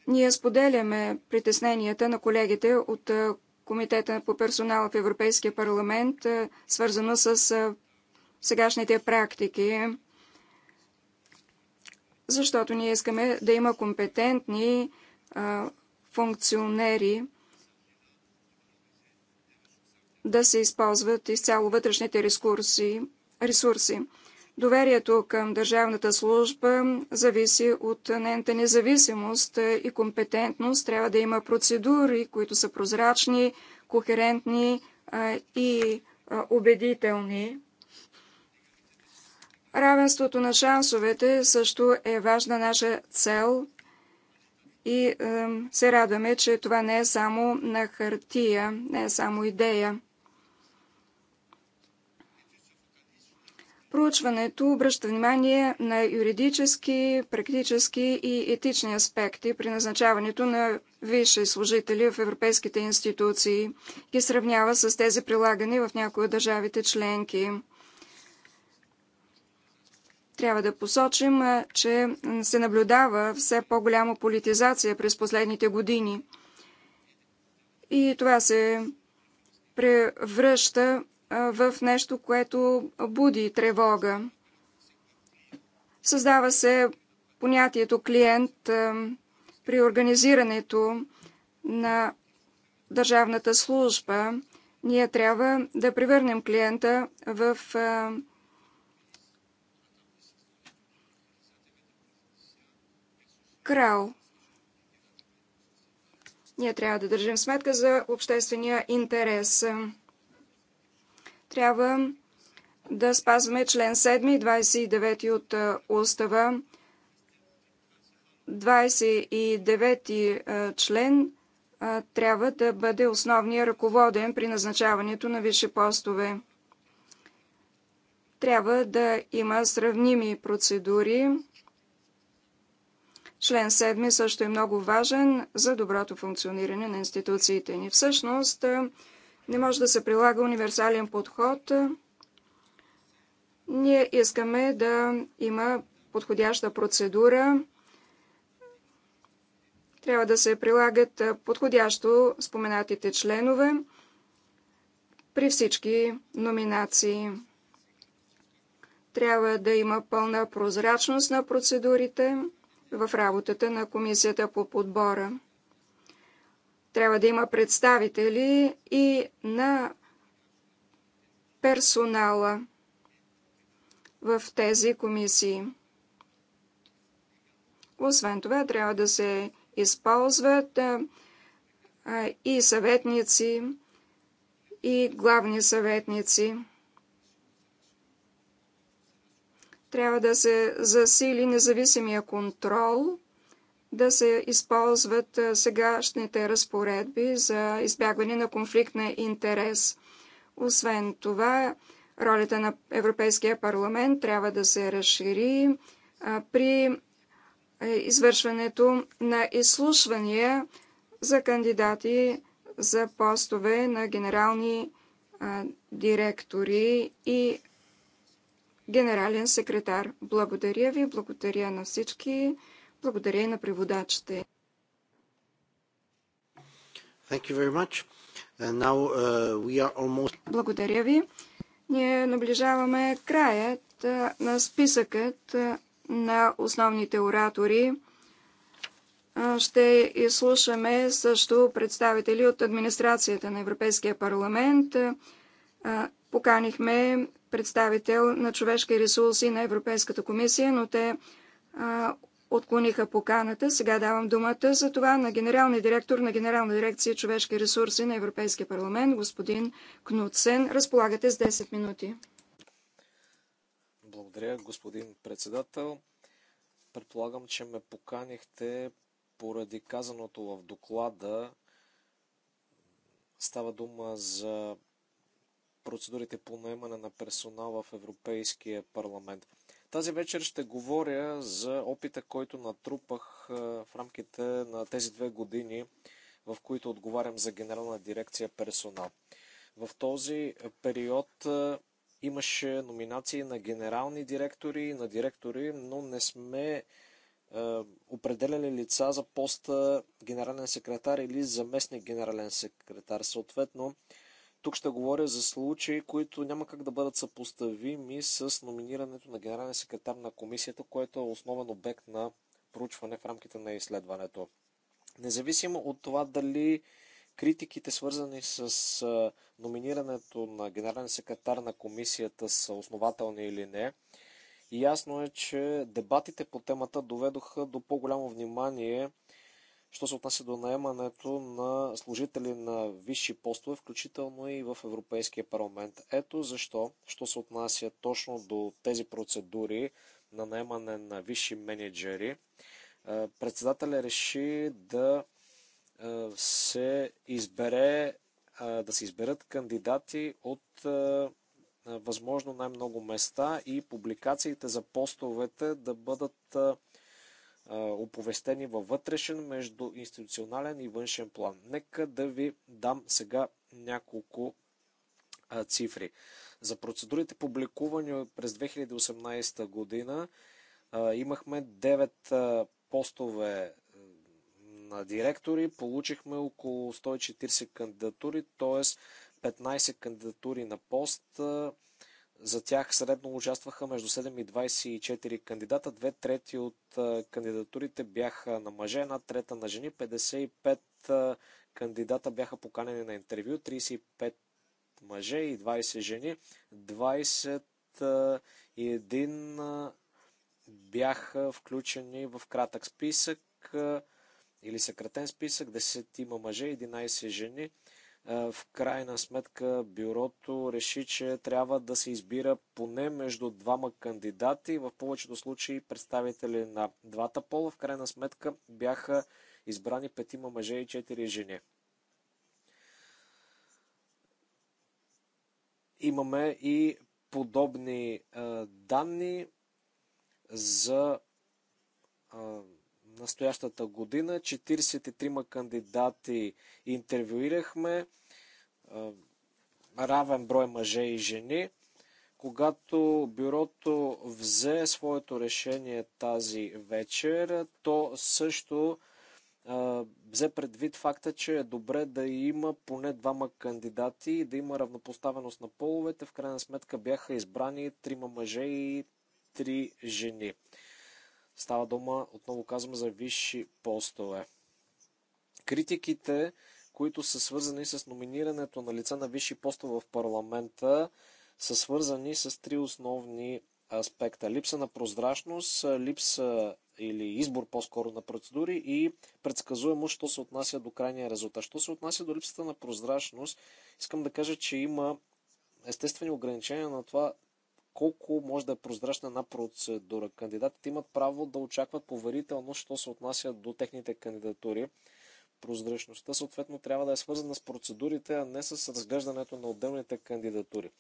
Ние споделяме притесненията на колегите от Комитета по персонала в Европейския парламент, свързано с сегашните практики, защото ние искаме да има компетентни функционери, да се използват изцяло вътрешните ресурси. ресурси. Доверието към държавната служба зависи от нейната независимост и компетентност. Трябва да има процедури, които са прозрачни, кохерентни и убедителни. Равенството на шансовете също е важна наша цел и се радваме, че това не е само на хартия, не е само идея. Проучването обръща внимание на юридически, практически и етични аспекти при назначаването на висши служители в европейските институции и сравнява с тези прилагани в някои от държавите членки. Трябва да посочим, че се наблюдава все по-голяма политизация през последните години. И това се превръща в нещо, което буди тревога. Създава се понятието клиент при организирането на държавната служба. Ние трябва да превърнем клиента в крал. Ние трябва да държим сметка за обществения интерес трябва да спазваме член 7 и 29 от е, устава. 29 е, член е, трябва да бъде основния ръководен при назначаването на висши постове. Трябва да има сравними процедури. Член 7 също е много важен за доброто функциониране на институциите ни. Всъщност, не може да се прилага универсален подход. Ние искаме да има подходяща процедура. Трябва да се прилагат подходящо споменатите членове при всички номинации. Трябва да има пълна прозрачност на процедурите в работата на комисията по подбора. Трябва да има представители и на персонала в тези комисии. Освен това, трябва да се използват и съветници, и главни съветници. Трябва да се засили независимия контрол да се използват сегашните разпоредби за избягване на конфликт на интерес. Освен това, ролята на Европейския парламент трябва да се разшири при извършването на изслушвания за кандидати за постове на генерални директори и генерален секретар. Благодаря ви, благодаря на всички. Благодаря и на преводачите. Thank you very much. And uh, now, uh, we are almost... Благодаря ви. Ние наближаваме краят на списъкът на основните оратори. Ще изслушаме също представители от администрацията на Европейския парламент. Поканихме представител на човешки ресурси на Европейската комисия, но те отклониха поканата. Сега давам думата за това на генералния директор на Генерална дирекция човешки ресурси на Европейския парламент, господин Кнутсен. Разполагате с 10 минути. Благодаря, господин председател. Предполагам, че ме поканихте поради казаното в доклада. Става дума за процедурите по наемане на персонал в Европейския парламент. Тази вечер ще говоря за опита, който натрупах в рамките на тези две години, в които отговарям за генерална дирекция персонал. В този период имаше номинации на генерални директори и на директори, но не сме определяли лица за поста генерален секретар или заместник генерален секретар. Съответно, тук ще говоря за случаи, които няма как да бъдат съпоставими с номинирането на генерален секретар на комисията, което е основен обект на проучване в рамките на изследването. Независимо от това дали критиките, свързани с номинирането на генерален секретар на комисията, са основателни или не, ясно е, че дебатите по темата доведоха до по-голямо внимание що се отнася до наемането на служители на висши постове, включително и в Европейския парламент. Ето защо, що се отнася точно до тези процедури на наемане на висши менеджери, е, председателя реши да е, се избере е, да се изберат кандидати от възможно най-много места и публикациите за постовете да бъдат оповестени във вътрешен, между институционален и външен план. Нека да ви дам сега няколко цифри. За процедурите публикувани през 2018 година имахме 9 постове на директори, получихме около 140 кандидатури, т.е. 15 кандидатури на пост, за тях средно участваха между 7 и 24 кандидата. Две трети от кандидатурите бяха на мъже, една трета на жени. 55 кандидата бяха поканени на интервю, 35 мъже и 20 жени. 21 бяха включени в кратък списък или съкратен списък, 10 има мъже, 11 жени. Е, в крайна сметка бюрото реши, че трябва да се избира поне между двама кандидати, в повечето случаи представители на двата пола. В крайна сметка бяха избрани петима мъже и четири жени. Имаме и подобни е, данни за е, настоящата година. 43 кандидати интервюирахме, равен брой мъже и жени. Когато бюрото взе своето решение тази вечер, то също взе предвид факта, че е добре да има поне двама кандидати и да има равнопоставеност на половете. В крайна сметка бяха избрани трима мъже и три жени. Става дума, отново казвам, за висши постове. Критиките, които са свързани с номинирането на лица на висши постове в парламента, са свързани с три основни аспекта. Липса на прозрачност, липса или избор по-скоро на процедури и предсказуемо, що се отнася до крайния резултат. Що се отнася до липсата на прозрачност, искам да кажа, че има естествени ограничения на това колко може да е прозрачна една процедура. Кандидатите имат право да очакват поверителност, що се отнася до техните кандидатури. Прозрачността съответно трябва да е свързана с процедурите, а не с разглеждането на отделните кандидатури.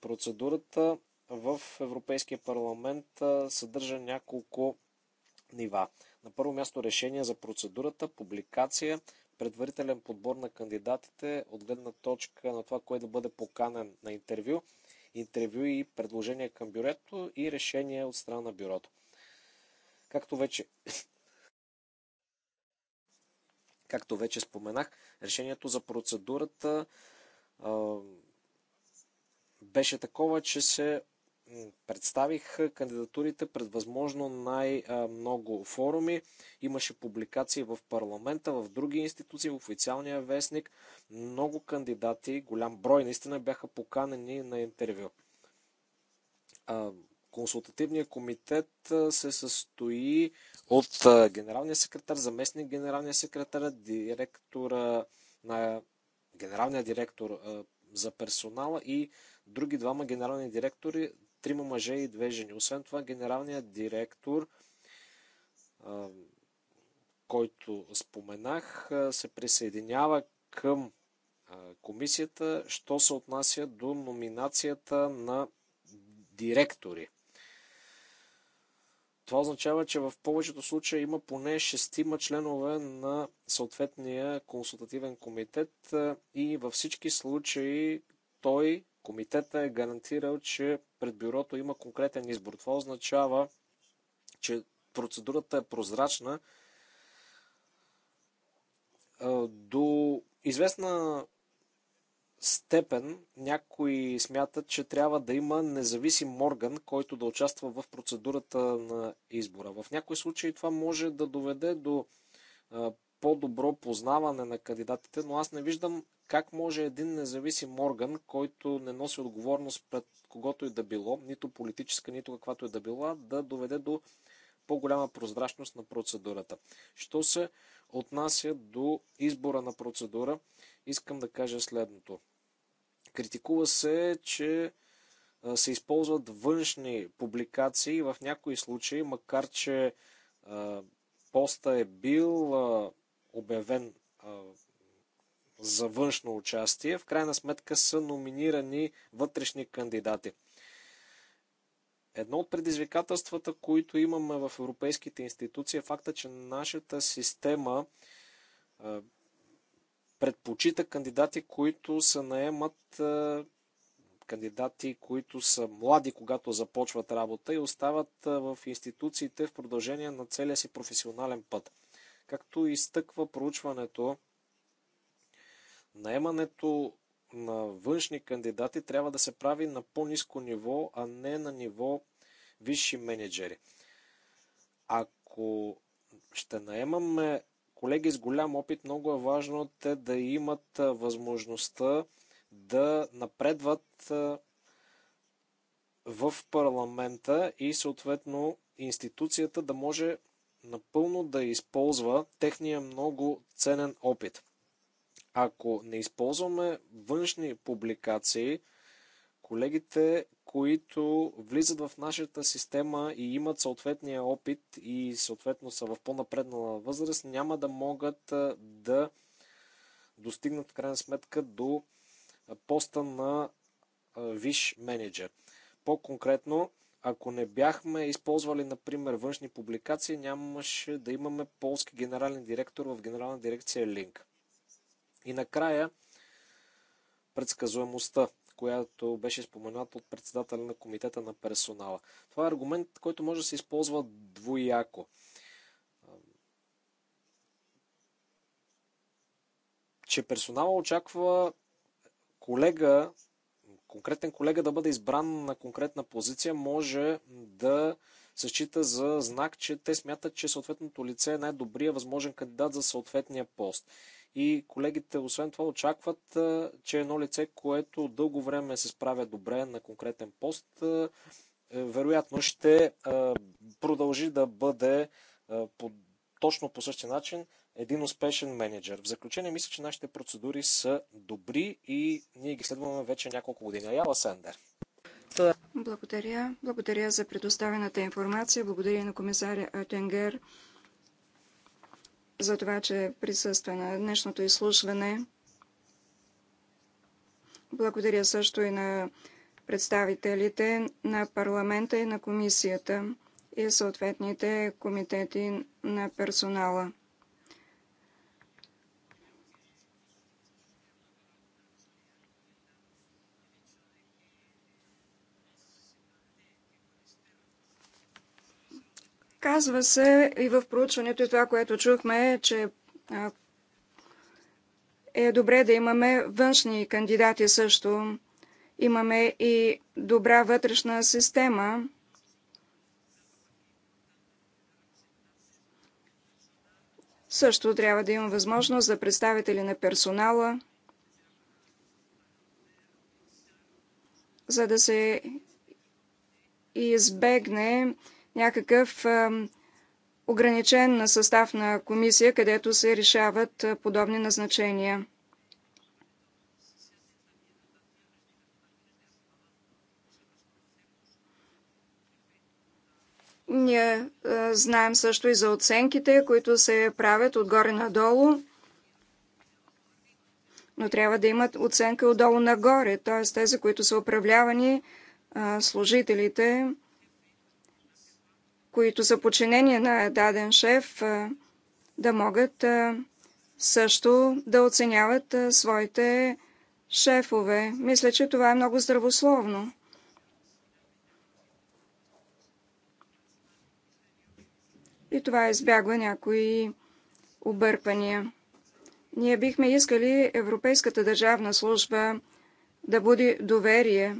Процедурата в Европейския парламент съдържа няколко нива. На първо място решение за процедурата, публикация, предварителен подбор на кандидатите от гледна точка на това, кой да бъде поканен на интервю – интервю и предложения към бюрото и решения от страна на бюрото. Както вече както вече споменах, решението за процедурата а, беше такова, че се представих кандидатурите пред възможно най-много форуми. Имаше публикации в парламента, в други институции, в официалния вестник. Много кандидати, голям брой наистина бяха поканени на интервю. Консултативният комитет се състои от генералния секретар, заместник генералния секретар, директора на генералния директор за персонала и други двама генерални директори, трима мъже и две жени. Освен това, генералният директор, който споменах, се присъединява към комисията, що се отнася до номинацията на директори. Това означава, че в повечето случаи има поне шестима членове на съответния консултативен комитет и във всички случаи той Комитета е гарантирал, че пред бюрото има конкретен избор. Това означава, че процедурата е прозрачна до известна степен някои смятат, че трябва да има независим орган, който да участва в процедурата на избора. В някои случаи това може да доведе до по-добро познаване на кандидатите, но аз не виждам как може един независим орган, който не носи отговорност пред когото и да било, нито политическа, нито каквато и да била, да доведе до по-голяма прозрачност на процедурата. Що се отнася до избора на процедура, искам да кажа следното. Критикува се, че се използват външни публикации в някои случаи, макар че поста е бил обявен за външно участие, в крайна сметка са номинирани вътрешни кандидати. Едно от предизвикателствата, които имаме в европейските институции е факта, че нашата система предпочита кандидати, които се наемат кандидати, които са млади, когато започват работа и остават в институциите в продължение на целия си професионален път. Както изтъква проучването, наемането на външни кандидати трябва да се прави на по-низко ниво, а не на ниво висши менеджери. Ако ще наемаме колеги с голям опит, много е важно те да имат възможността да напредват в парламента и съответно институцията да може напълно да използва техния много ценен опит. Ако не използваме външни публикации, колегите, които влизат в нашата система и имат съответния опит и съответно са в по-напреднала възраст, няма да могат да достигнат в крайна сметка до поста на виш менеджер. По-конкретно, ако не бяхме използвали например външни публикации, нямаше да имаме полски генерален директор в Генерална дирекция Линк. И накрая, предсказуемостта, която беше спомената от председателя на комитета на персонала. Това е аргумент, който може да се използва двояко. Че персонала очаква колега конкретен колега да бъде избран на конкретна позиция, може да се счита за знак, че те смятат, че съответното лице е най-добрия възможен кандидат за съответния пост. И колегите, освен това, очакват, че едно лице, което дълго време се справя добре на конкретен пост, е, вероятно ще продължи да бъде по, точно по същия начин един успешен менеджер. В заключение, мисля, че нашите процедури са добри и ние ги следваме вече няколко години. Аяла Сендер. Благодаря. Благодаря за предоставената информация. Благодаря на комисаря Атенгер за това, че присъства на днешното изслушване. Благодаря също и на представителите на парламента и на комисията и съответните комитети на персонала. Казва се и в проучването и това, което чухме, е, че е добре да имаме външни кандидати също. Имаме и добра вътрешна система. Също трябва да има възможност за представители на персонала, за да се избегне някакъв ограничен на състав на комисия, където се решават подобни назначения. Ние знаем също и за оценките, които се правят отгоре надолу, но трябва да имат оценка отдолу нагоре, т.е. тези, които са управлявани, служителите, които са подчинени на даден шеф, да могат също да оценяват своите шефове. Мисля, че това е много здравословно. И това избягва някои обърпания. Ние бихме искали Европейската държавна служба да буди доверие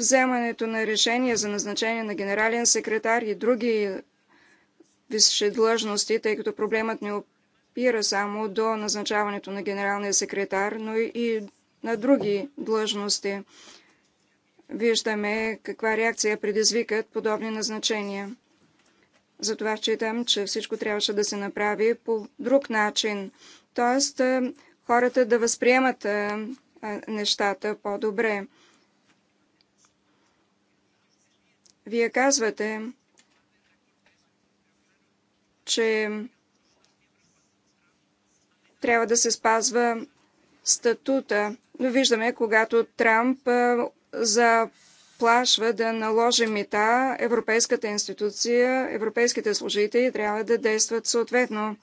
вземането на решение за назначение на генерален секретар и други висши длъжности, тъй като проблемът не опира само до назначаването на генералния секретар, но и на други длъжности. Виждаме каква реакция предизвикат подобни назначения. Затова считам, че всичко трябваше да се направи по друг начин. Тоест, е, хората да възприемат е, е, нещата по-добре. Вие казвате, че трябва да се спазва статута. Но виждаме, когато Трамп заплашва да наложи мита, Европейската институция, европейските служители трябва да действат съответно.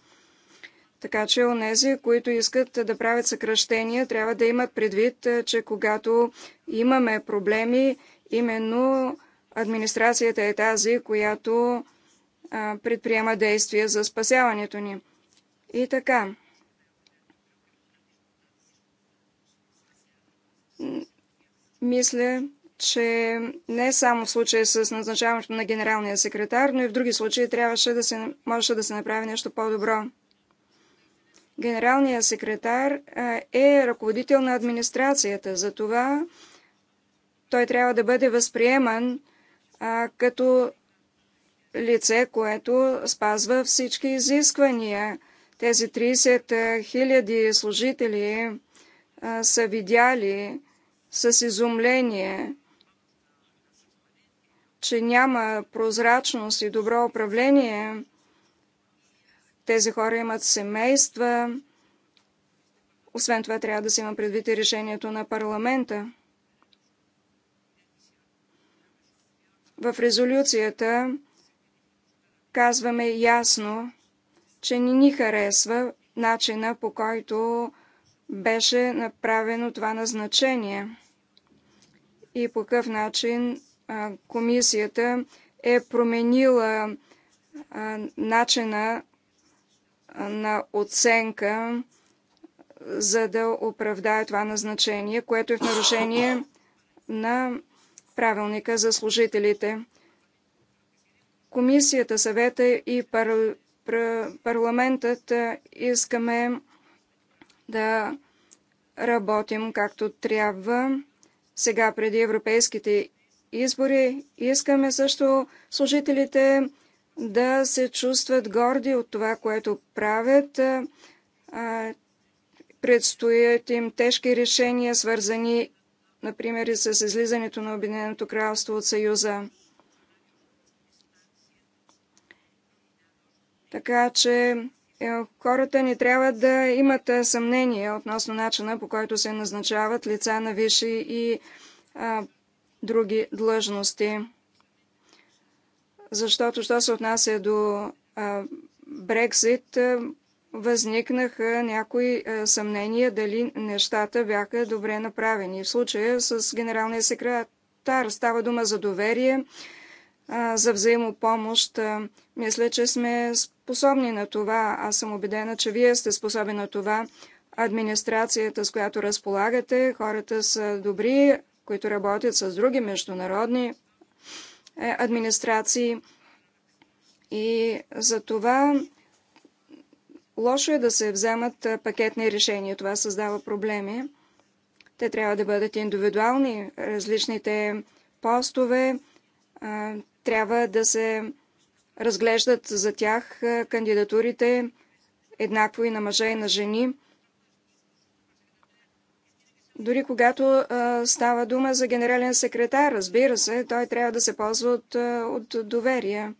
Така че онези, които искат да правят съкръщения, трябва да имат предвид, че когато имаме проблеми, именно Администрацията е тази, която предприема действия за спасяването ни. И така. Мисля, че не само в случай с назначаването на генералния секретар, но и в други случаи трябваше да се, можеше да се направи нещо по-добро. Генералният секретар е ръководител на администрацията, затова той трябва да бъде възприеман а, като лице, което спазва всички изисквания. Тези 30 хиляди служители а, са видяли с изумление, че няма прозрачност и добро управление. Тези хора имат семейства. Освен това трябва да се има предвид и решението на парламента. В резолюцията казваме ясно, че не ни харесва начина по който беше направено това назначение и по какъв начин комисията е променила начина на оценка, за да оправдае това назначение, което е в нарушение на правилника за служителите. Комисията, съвета и пар... парламентът искаме да работим както трябва. Сега преди европейските избори искаме също служителите да се чувстват горди от това, което правят. Предстоят им тежки решения, свързани например и с излизането на Обединеното кралство от Съюза. Така че е, хората не трябва да имат е, съмнение относно начина по който се назначават лица на висши и а, е, други длъжности. Защото, що се отнася до Брексит, възникнаха някои е, съмнения дали нещата бяха добре направени. В случая с генералния секретар става дума за доверие, е, за взаимопомощ. Е, мисля, че сме способни на това. Аз съм убедена, че вие сте способни на това. Администрацията, с която разполагате, хората са добри, които работят с други международни администрации. И за това Лошо е да се вземат пакетни решения. Това създава проблеми. Те трябва да бъдат индивидуални. Различните постове трябва да се разглеждат за тях кандидатурите еднакво и на мъже и на жени. Дори когато а, става дума за генерален секретар, разбира се, той трябва да се ползва от, от доверие.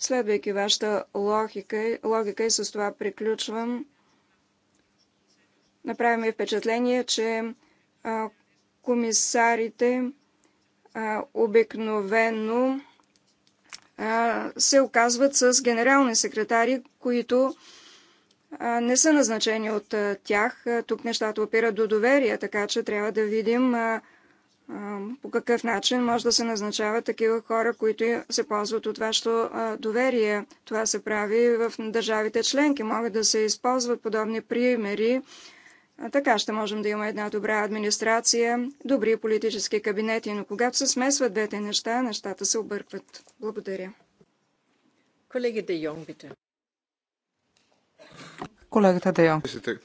Следвайки вашата логика, логика и с това приключвам, направим впечатление, че а, комисарите а, обикновено а, се оказват с генерални секретари, които а, не са назначени от а, тях. Тук нещата опират до доверие, така че трябва да видим а, по какъв начин може да се назначават такива хора, които се ползват от вашето доверие. Това се прави в държавите членки. Могат да се използват подобни примери. Така ще можем да има една добра администрация, добри политически кабинети, но когато се смесват двете неща, нещата се объркват. Благодаря. Колеги Де Йонг, бите. Колегата Де Йонг. Господин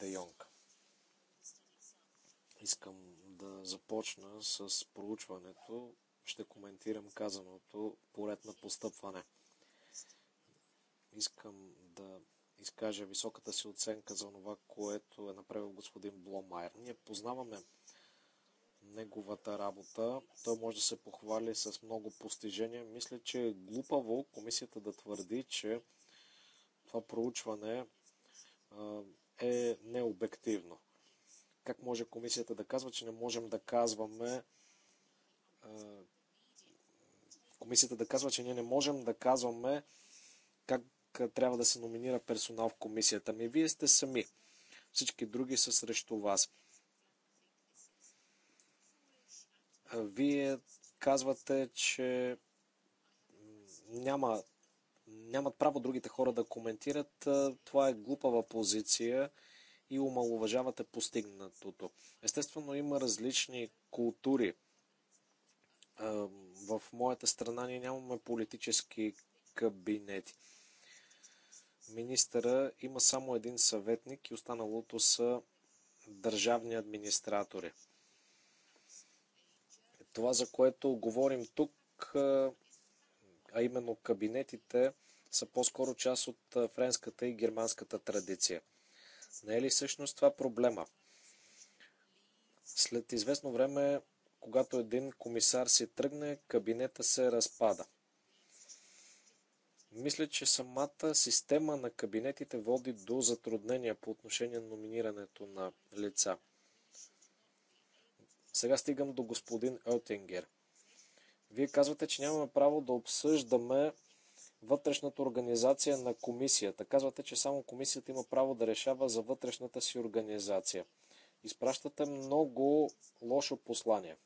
Де Йонг, започна с проучването, ще коментирам казаното поред на постъпване. Искам да изкажа високата си оценка за това, което е направил господин Бломайер. Ние познаваме неговата работа. Той може да се похвали с много постижения. Мисля, че е глупаво комисията да твърди, че това проучване е необективно. Как може комисията да казва, че не можем да казваме комисията да казва, че ние не можем да казваме как трябва да се номинира персонал в комисията. Ми вие сте сами. Всички други са срещу вас. Вие казвате, че няма, нямат право другите хора да коментират. Това е глупава позиция и омалуважавате постигнатото. Естествено, има различни култури. В моята страна ние нямаме политически кабинети. Министъра има само един съветник и останалото са държавни администратори. Това, за което говорим тук, а именно кабинетите, са по-скоро част от френската и германската традиция. Не е ли всъщност това проблема? След известно време, когато един комисар си тръгне, кабинета се разпада. Мисля, че самата система на кабинетите води до затруднения по отношение на номинирането на лица. Сега стигам до господин Елтингер. Вие казвате, че нямаме право да обсъждаме вътрешната организация на комисията. Казвате, че само комисията има право да решава за вътрешната си организация. Изпращате много лошо послание.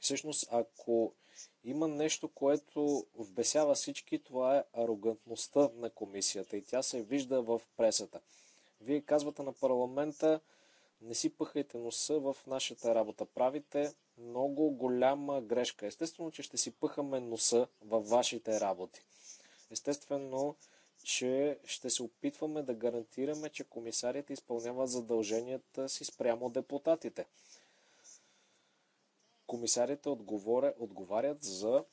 Всъщност, ако има нещо, което вбесява всички, това е арогантността на комисията и тя се вижда в пресата. Вие казвате на парламента, не си пъхайте носа в нашата работа. Правите много голяма грешка. Естествено, че ще си пъхаме носа във вашите работи. Естествено, че ще се опитваме да гарантираме, че комисарите изпълняват задълженията си спрямо депутатите. Комисарите отговоря, отговарят за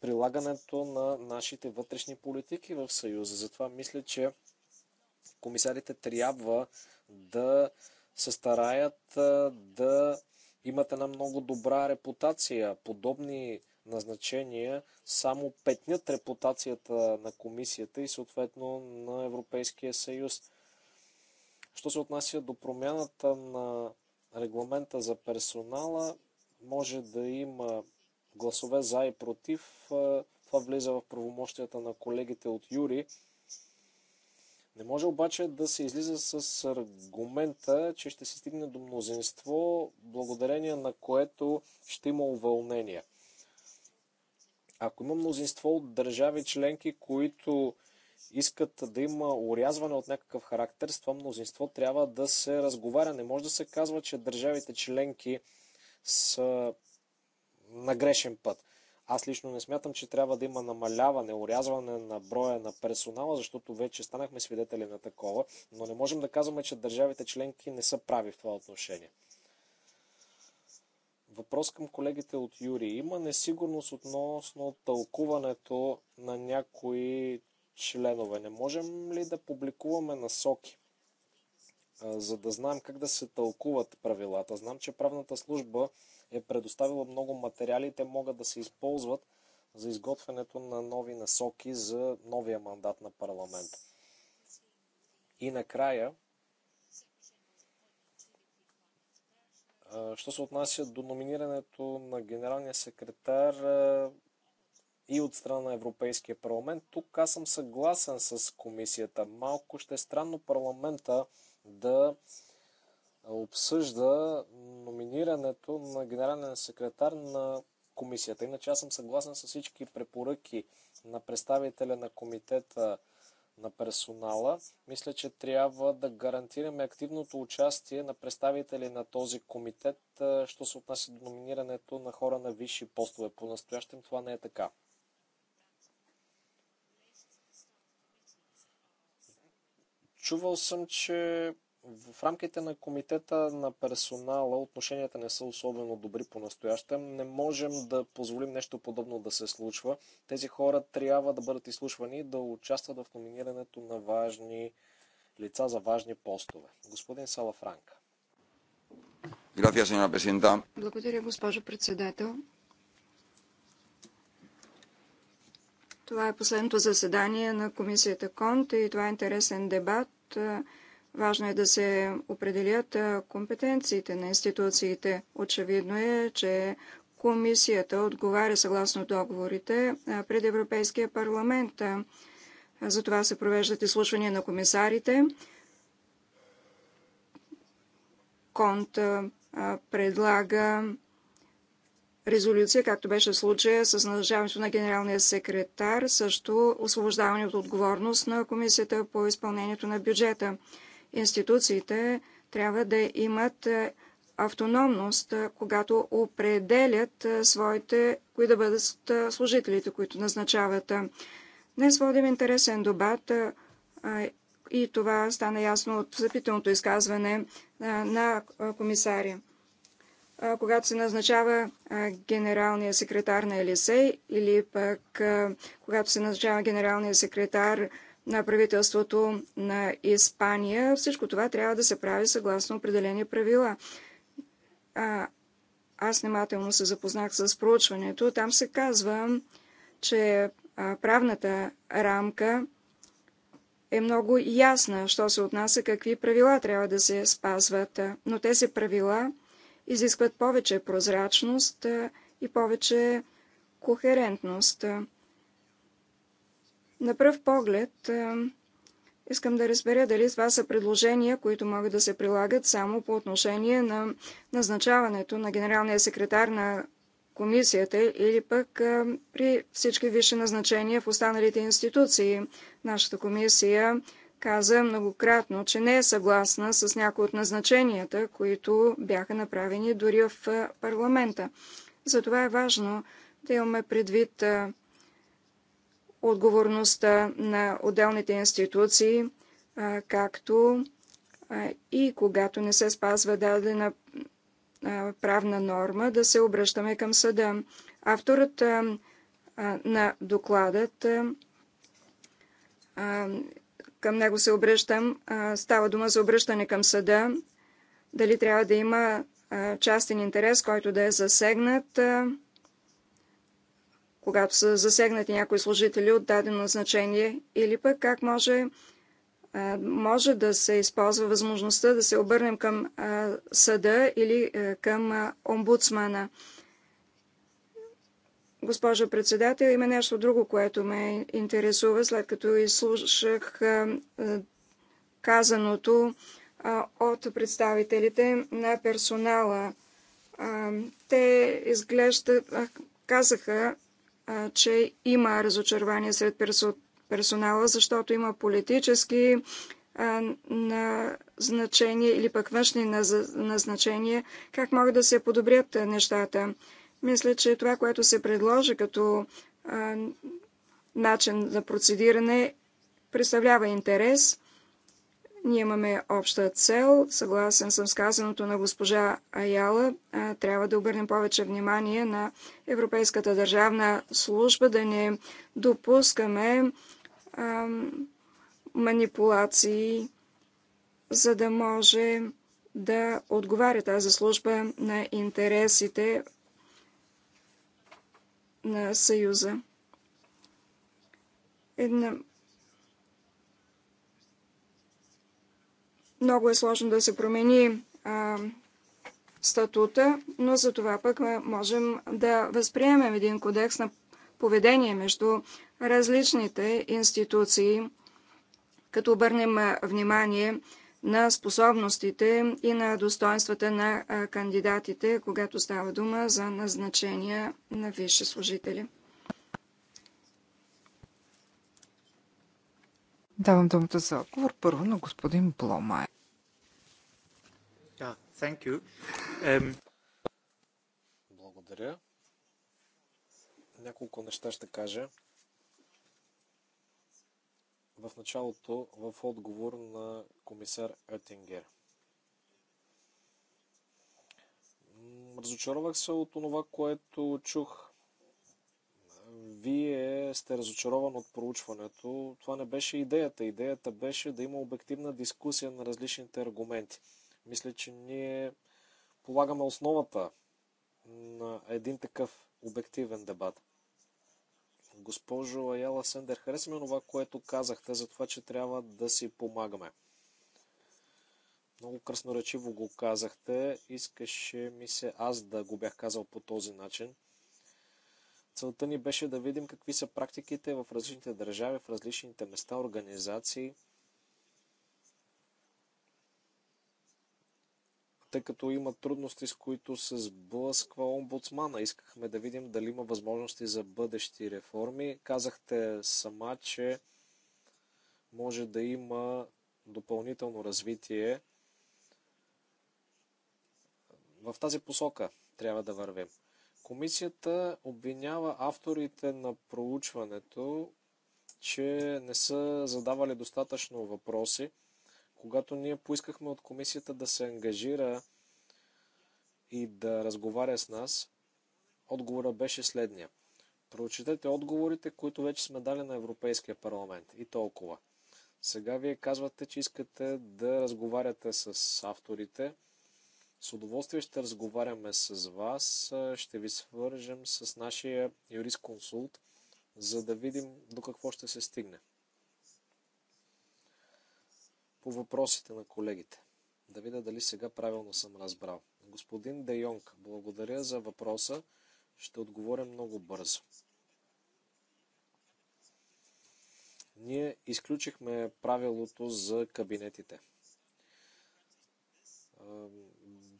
прилагането на нашите вътрешни политики в Съюза. Затова мисля, че комисарите трябва да се стараят да имат една много добра репутация. Подобни назначения само петнят репутацията на комисията и съответно на Европейския съюз. Що се отнася до промяната на регламента за персонала, може да има гласове за и против. Е, това влиза в правомощията на колегите от Юри. Не може обаче да се излиза с аргумента, че ще се стигне до мнозинство, благодарение на което ще има увълнение – ако има мнозинство от държави членки, които искат да има урязване от някакъв характер, с това мнозинство трябва да се разговаря. Не може да се казва, че държавите членки са на грешен път. Аз лично не смятам, че трябва да има намаляване, урязване на броя на персонала, защото вече станахме свидетели на такова, но не можем да казваме, че държавите членки не са прави в това отношение. Въпрос към колегите от Юри. Има несигурност относно тълкуването на някои членове. Не можем ли да публикуваме насоки, за да знаем как да се тълкуват правилата? Знам, че правната служба е предоставила много материали и те могат да се използват за изготвянето на нови насоки за новия мандат на парламент. И накрая, Що се отнася до номинирането на генералния секретар и от страна на Европейския парламент, тук аз съм съгласен с комисията. Малко ще е странно парламента да обсъжда номинирането на генерален секретар на комисията. Иначе аз съм съгласен с всички препоръки на представителя на комитета на персонала, мисля, че трябва да гарантираме активното участие на представители на този комитет, що се отнася до номинирането на хора на висши постове. По-настоящем това не е така. Чувал съм, че в рамките на комитета на персонала отношенията не са особено добри по-настоящем. Не можем да позволим нещо подобно да се случва. Тези хора трябва да бъдат изслушвани и да участват в номинирането на важни лица за важни постове. Господин Салафранка. Благодаря, госпожо председател. Това е последното заседание на комисията Конт и това е интересен дебат Важно е да се определят компетенциите на институциите. Очевидно е, че комисията отговаря съгласно договорите пред Европейския парламент. Затова се провеждат изслушвания на комисарите. Конт предлага резолюция, както беше в случая с назначаването на генералния секретар, също освобождаване от отговорност на комисията по изпълнението на бюджета институциите трябва да имат е, автономност, е, когато определят е, своите, кои да бъдат служителите, които назначават. Днес водим интересен дебат и това стана ясно от запитаното изказване на комисаря. Когато се назначава генералния секретар на Елисей или пък когато се назначава генералния секретар на правителството на Испания. Всичко това трябва да се прави съгласно определени правила. А, аз внимателно се запознах с проучването. Там се казва, че правната рамка е много ясна, що се отнася какви правила трябва да се спазват. Но тези правила изискват повече прозрачност и повече кохерентност. На пръв поглед искам да разбера дали това са предложения, които могат да се прилагат само по отношение на назначаването на генералния секретар на комисията или пък при всички висши назначения в останалите институции. Нашата комисия каза многократно, че не е съгласна с някои от назначенията, които бяха направени дори в парламента. Затова е важно да имаме предвид отговорността на отделните институции, както и когато не се спазва дадена правна норма, да се обръщаме към съда. Авторът на докладът към него се обръщам. Става дума за обръщане към съда. Дали трябва да има частен интерес, който да е засегнат когато са засегнати някои служители от дадено значение, или пък как може, може да се използва възможността да се обърнем към съда или към омбудсмана. Госпожа председател, има нещо друго, което ме интересува, след като изслушах казаното от представителите на персонала. Те изглеждат, казаха, че има разочарование сред персонала, защото има политически назначения или пък външни назначения, как могат да се подобрят нещата. Мисля, че това, което се предложи като начин за процедиране, представлява интерес. Ние имаме обща цел. Съгласен съм с казаното на госпожа Аяла. Трябва да обърнем повече внимание на Европейската държавна служба, да не допускаме ам, манипулации, за да може да отговаря тази служба на интересите на Съюза. Една Много е сложно да се промени а, статута, но за това пък можем да възприемем един кодекс на поведение между различните институции, като обърнем внимание на способностите и на достоинствата на кандидатите, когато става дума за назначения на висши служители. Давам думата за отговор първо на господин Бломай. Yeah, um... Благодаря. Няколко неща ще кажа. В началото, в отговор на комисар Етингер. Разочаровах се от това, което чух вие сте разочарован от проучването. Това не беше идеята. Идеята беше да има обективна дискусия на различните аргументи. Мисля, че ние полагаме основата на един такъв обективен дебат. Госпожо Аяла Сендер, хареса ми това, което казахте за това, че трябва да си помагаме. Много красноречиво го казахте. Искаше ми се аз да го бях казал по този начин. Целта ни беше да видим какви са практиките в различните държави, в различните места, организации, тъй като има трудности, с които се сблъсква омбудсмана. Искахме да видим дали има възможности за бъдещи реформи. Казахте сама, че може да има допълнително развитие. В тази посока трябва да вървим. Комисията обвинява авторите на проучването, че не са задавали достатъчно въпроси. Когато ние поискахме от комисията да се ангажира и да разговаря с нас, отговора беше следния. Прочетете отговорите, които вече сме дали на Европейския парламент и толкова. Сега вие казвате, че искате да разговаряте с авторите – с удоволствие ще разговаряме с вас. Ще ви свържем с нашия юрисконсулт, за да видим до какво ще се стигне. По въпросите на колегите. Да видя дали сега правилно съм разбрал. Господин Де Йонг, благодаря за въпроса. Ще отговоря много бързо. Ние изключихме правилото за кабинетите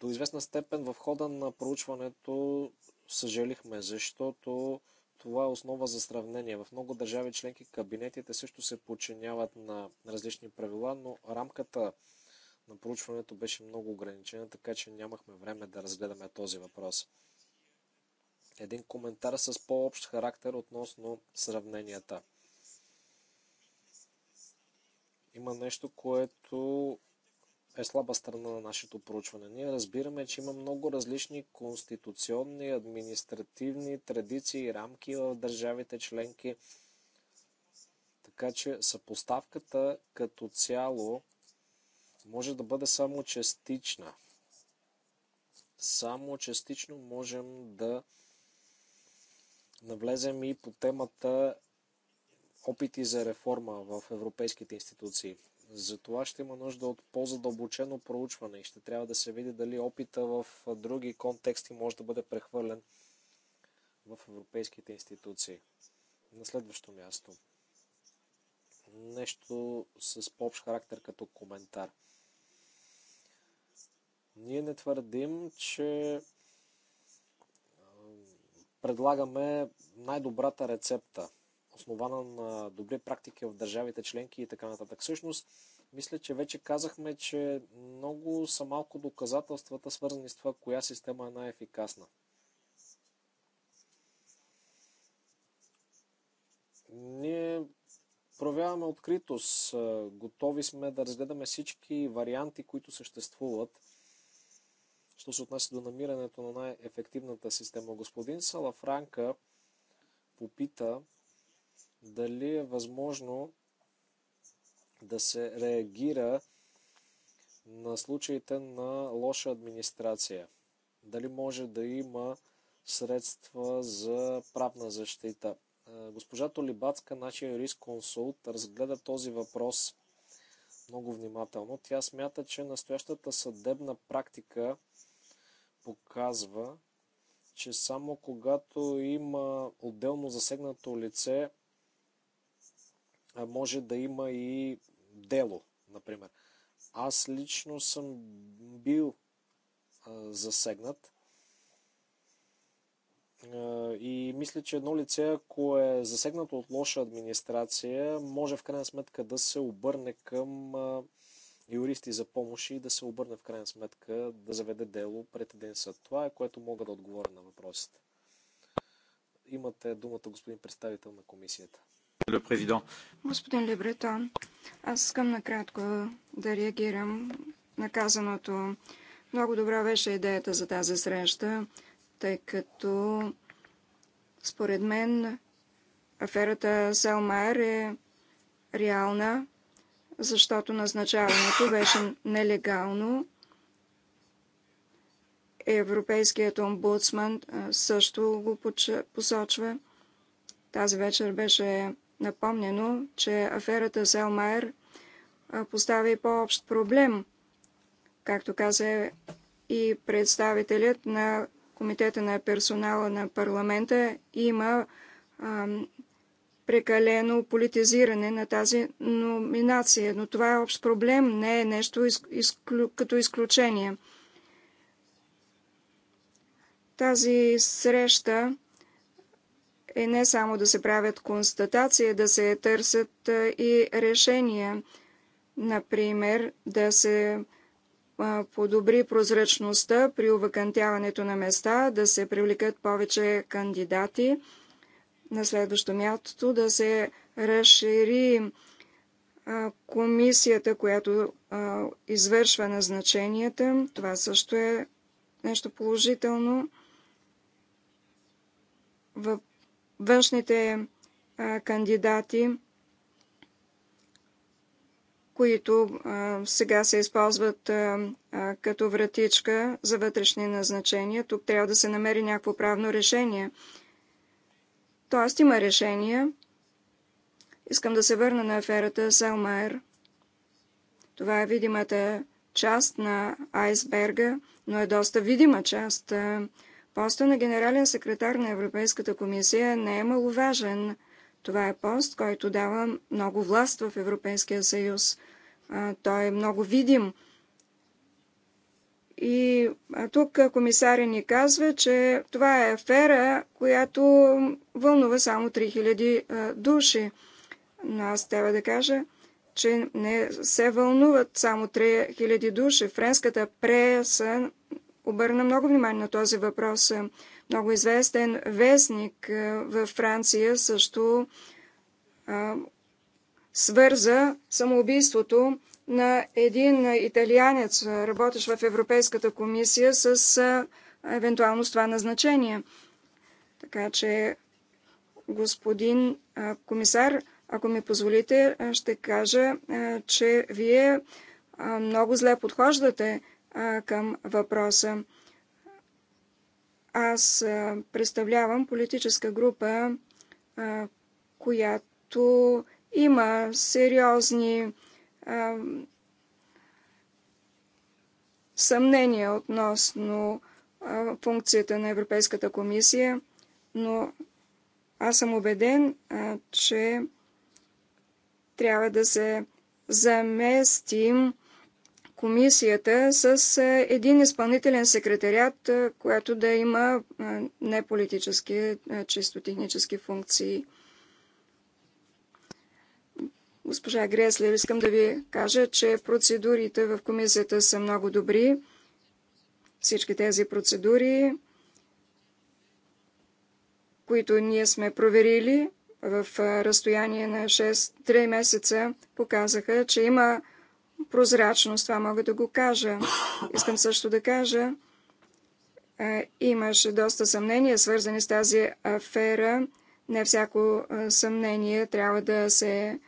до известна степен в хода на проучването съжалихме, защото това е основа за сравнение. В много държави членки кабинетите също се подчиняват на различни правила, но рамката на проучването беше много ограничена, така че нямахме време да разгледаме този въпрос. Един коментар с по-общ характер относно сравненията. Има нещо, което е слаба страна на нашето проучване. Ние разбираме, че има много различни конституционни, административни традиции и рамки в държавите членки. Така че съпоставката като цяло може да бъде само частична. Само частично можем да навлезем и по темата опити за реформа в европейските институции. Затова ще има нужда от по-задълбочено проучване и ще трябва да се види дали опита в други контексти може да бъде прехвърлен в европейските институции. На следващо място. Нещо с по-общ характер като коментар. Ние не твърдим, че предлагаме най-добрата рецепта основана на добри практики в държавите членки и така нататък. Всъщност, мисля, че вече казахме, че много са малко доказателствата, свързани с това, коя система е най-ефикасна. Ние проявяваме откритост, готови сме да разгледаме всички варианти, които съществуват, що се отнася до намирането на най-ефективната система. Господин Салафранка попита дали е възможно да се реагира на случаите на лоша администрация. Дали може да има средства за правна защита. Е, госпожа Толибацка, нашия юрист консулт, разгледа този въпрос много внимателно. Тя смята, че настоящата съдебна практика показва, че само когато има отделно засегнато лице, може да има и дело, например. Аз лично съм бил засегнат и мисля, че едно лице, ако е засегнато от лоша администрация, може в крайна сметка да се обърне към юристи за помощ и да се обърне в крайна сметка да заведе дело пред един съд. Това е което мога да отговоря на въпросите. Имате думата, господин представител на комисията. Господин Лебретон, аз искам накратко да реагирам на казаното. Много добра беше идеята за тази среща, тъй като според мен аферата Селмайер е реална, защото назначаването беше нелегално. Европейският омбудсман също го посочва. Тази вечер беше напомнено, че аферата Зелмайер поставя по-общ проблем, както каза и представителят на Комитета на персонала на парламента, има ам, прекалено политизиране на тази номинация. Но това е общ проблем, не е нещо из, като изключение. Тази среща е не само да се правят констатации, да се търсят и решения. Например, да се подобри прозрачността при увакантяването на места, да се привлекат повече кандидати. На следващо място да се разшири комисията, която извършва назначенията. Това също е нещо положително. Въпросът външните кандидати, които сега се използват като вратичка за вътрешни назначения. Тук трябва да се намери някакво правно решение. Тоест има решение. Искам да се върна на аферата Селмайер. Това е видимата част на айсберга, но е доста видима част. Поста на генерален секретар на Европейската комисия не е маловажен. Това е пост, който дава много власт в Европейския съюз. Той е много видим. И тук комисаря ни казва, че това е афера, която вълнува само 3000 души. Но аз трябва да кажа, че не се вълнуват само 3000 души. Френската преса обърна много внимание на този въпрос. Много известен вестник във Франция също свърза самоубийството на един италианец, работещ в Европейската комисия, с евентуално с това назначение. Така че, господин комисар, ако ми позволите, ще кажа, че вие много зле подхождате към въпроса. Аз представлявам политическа група, която има сериозни съмнения относно функцията на Европейската комисия, но аз съм убеден, че трябва да се заместим комисията с е, един изпълнителен секретариат, е, която да има е, не политически, чисто технически функции. Госпожа Греслер, искам да ви кажа, че процедурите в комисията са много добри. Всички тези процедури, които ние сме проверили в разстояние на 6-3 месеца, показаха, че има прозрачност, това мога да го кажа. Искам също да кажа, имаше доста съмнения, свързани с тази афера. Не всяко съмнение трябва да се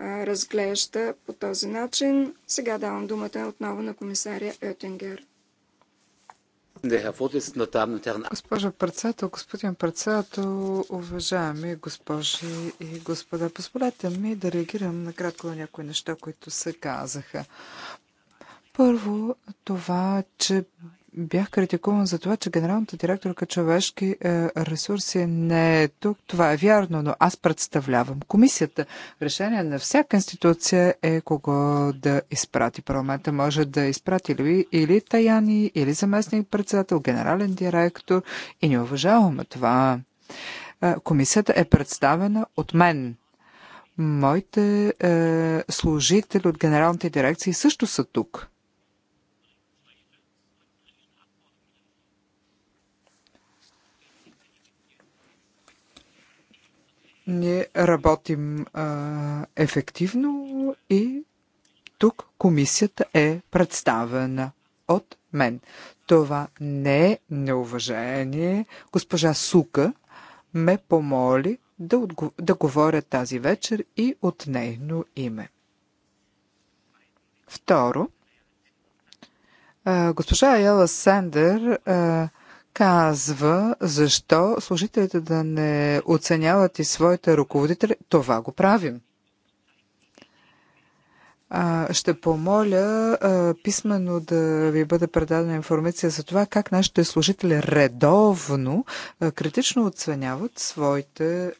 разглежда по този начин. Сега давам думата отново на комисаря Етенгерт. Госпожо председател, господин председател, уважаеми госпожи и господа, позволете ми да реагирам накратко на някои неща, които се казаха. Първо, това, че бях критикуван за това, че генералната директорка човешки е, ресурси не е тук. Това е вярно, но аз представлявам комисията. Решение на всяка институция е кого да изпрати. Парламента може да изпрати или, или Таяни, или заместник председател, генерален директор и не уважаваме това. Е, комисията е представена от мен. Моите е, служители от генералните дирекции също са тук. Ние работим а, ефективно и тук комисията е представена от мен. Това не е неуважение. Госпожа Сука ме помоли да, отго... да говоря тази вечер и от нейно име. Второ, а, госпожа Ела Сендер а, казва защо служителите да не оценяват и своите ръководители. Това го правим. А, ще помоля а, писменно да ви бъде предадена информация за това как нашите служители редовно а, критично оценяват своите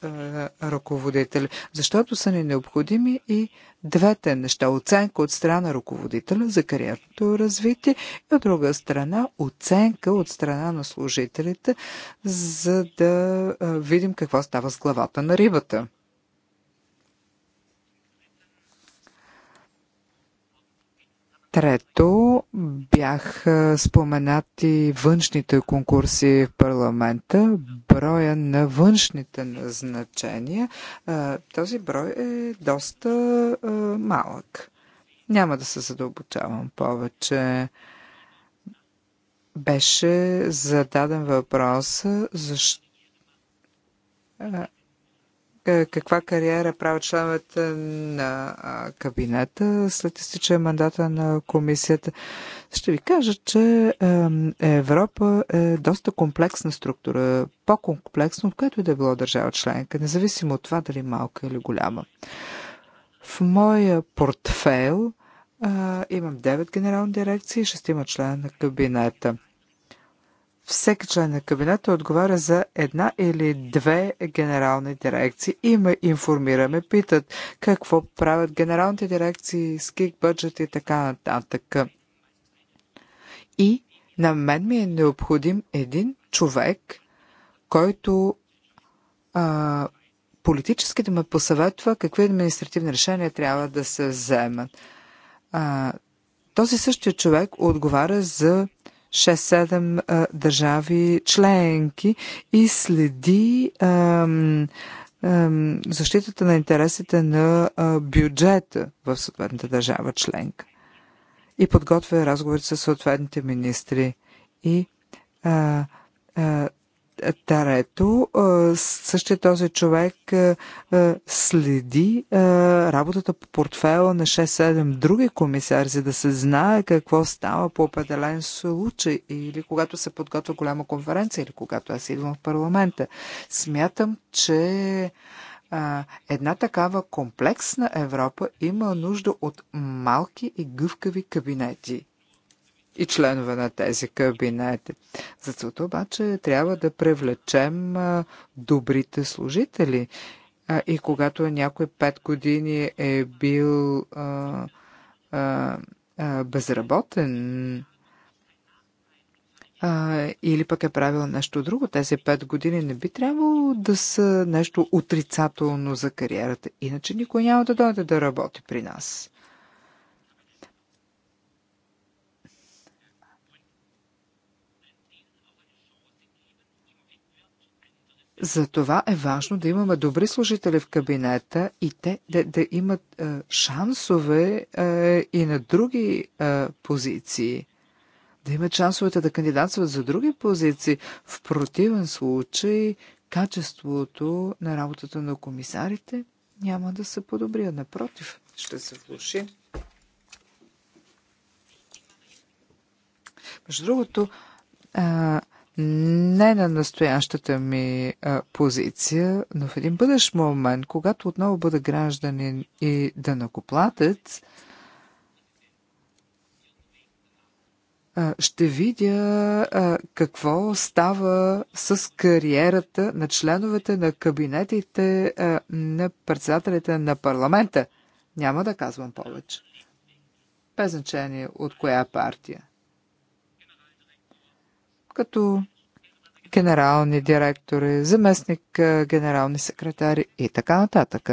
ръководители, защото са ни необходими и двете неща. Оценка от страна ръководителя за кариерното развитие и от друга страна оценка от страна на служителите, за да видим какво става с главата на рибата. Трето, бяха споменати външните конкурси в парламента, броя на външните назначения. Този брой е доста малък. Няма да се задълбочавам повече. Беше зададен въпрос защо е, каква кариера правят членовете на кабинета след изтичане мандата на комисията. Ще ви кажа, че Европа е доста комплексна структура, по-комплексно, в която и да е било държава членка, независимо от това дали е малка или голяма. В моя портфейл а, имам 9 генерални дирекции и 6 члена на кабинета всеки член на кабинета отговаря за една или две генерални дирекции и ме информираме, питат какво правят генералните дирекции, скик, бюджет и така нататък. И на мен ми е необходим един човек, който а, политически да ме посъветва какви административни решения трябва да се вземат. А, този същия човек отговаря за 6-7 държави членки и следи защитата на интересите на бюджета в съответната държава членка и подготвя разговори с съответните министри и а, а, Тарето, същия този човек следи работата по портфела на 6-7 други комисари, за да се знае какво става по определен случай или когато се подготвя голяма конференция или когато аз идвам в парламента. Смятам, че една такава комплексна Европа има нужда от малки и гъвкави кабинети и членове на тези кабинети. За целта обаче трябва да привлечем добрите служители. И когато някой пет години е бил а, а, безработен, а, или пък е правила нещо друго. Тези пет години не би трябвало да са нещо отрицателно за кариерата. Иначе никой няма да дойде да работи при нас. Затова е важно да имаме добри служители в кабинета и те да, да имат е, шансове е, и на други е, позиции. Да имат шансовете да кандидатстват за други позиции. В противен случай качеството на работата на комисарите няма да се подобри, напротив, ще се влуши. Между другото, а, е, не на настоящата ми а, позиция, но в един бъдещ момент, когато отново бъда гражданин и да а, ще видя а, какво става с кариерата на членовете на кабинетите а, на председателите на парламента. Няма да казвам повече. Без значение от коя партия като генерални директори, заместник генерални секретари и така нататък.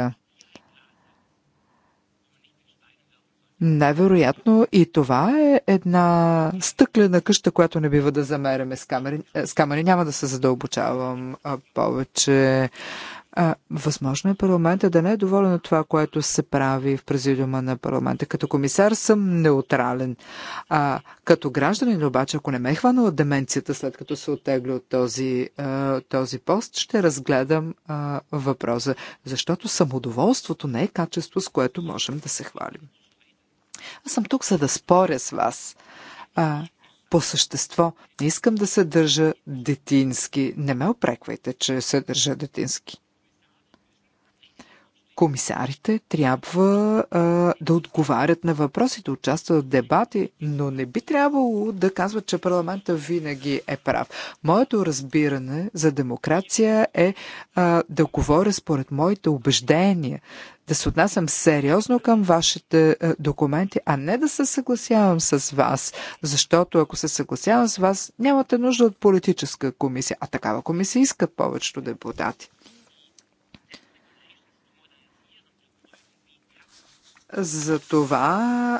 Невероятно и това е една стъклена къща, която не бива да замеряме с камери. Е, с камери няма да се задълбочавам повече а, възможно е парламента да не е доволен от това, което се прави в президиума на парламента. Като комисар съм неутрален. А, като гражданин обаче, ако не ме е хванала деменцията след като се отегля от този, а, този пост, ще разгледам а, въпроса. Защото самодоволството не е качество, с което можем да се хвалим. Аз съм тук, за да споря с вас. А, по същество. Не искам да се държа детински. Не ме опреквайте, че се държа детински комисарите трябва а, да отговарят на въпроси, да участват в дебати, но не би трябвало да казват, че парламента винаги е прав. Моето разбиране за демокрация е а, да говоря според моите убеждения, да се отнасям сериозно към вашите а, документи, а не да се съгласявам с вас, защото ако се съгласявам с вас, нямате нужда от политическа комисия, а такава комисия искат повечето депутати. За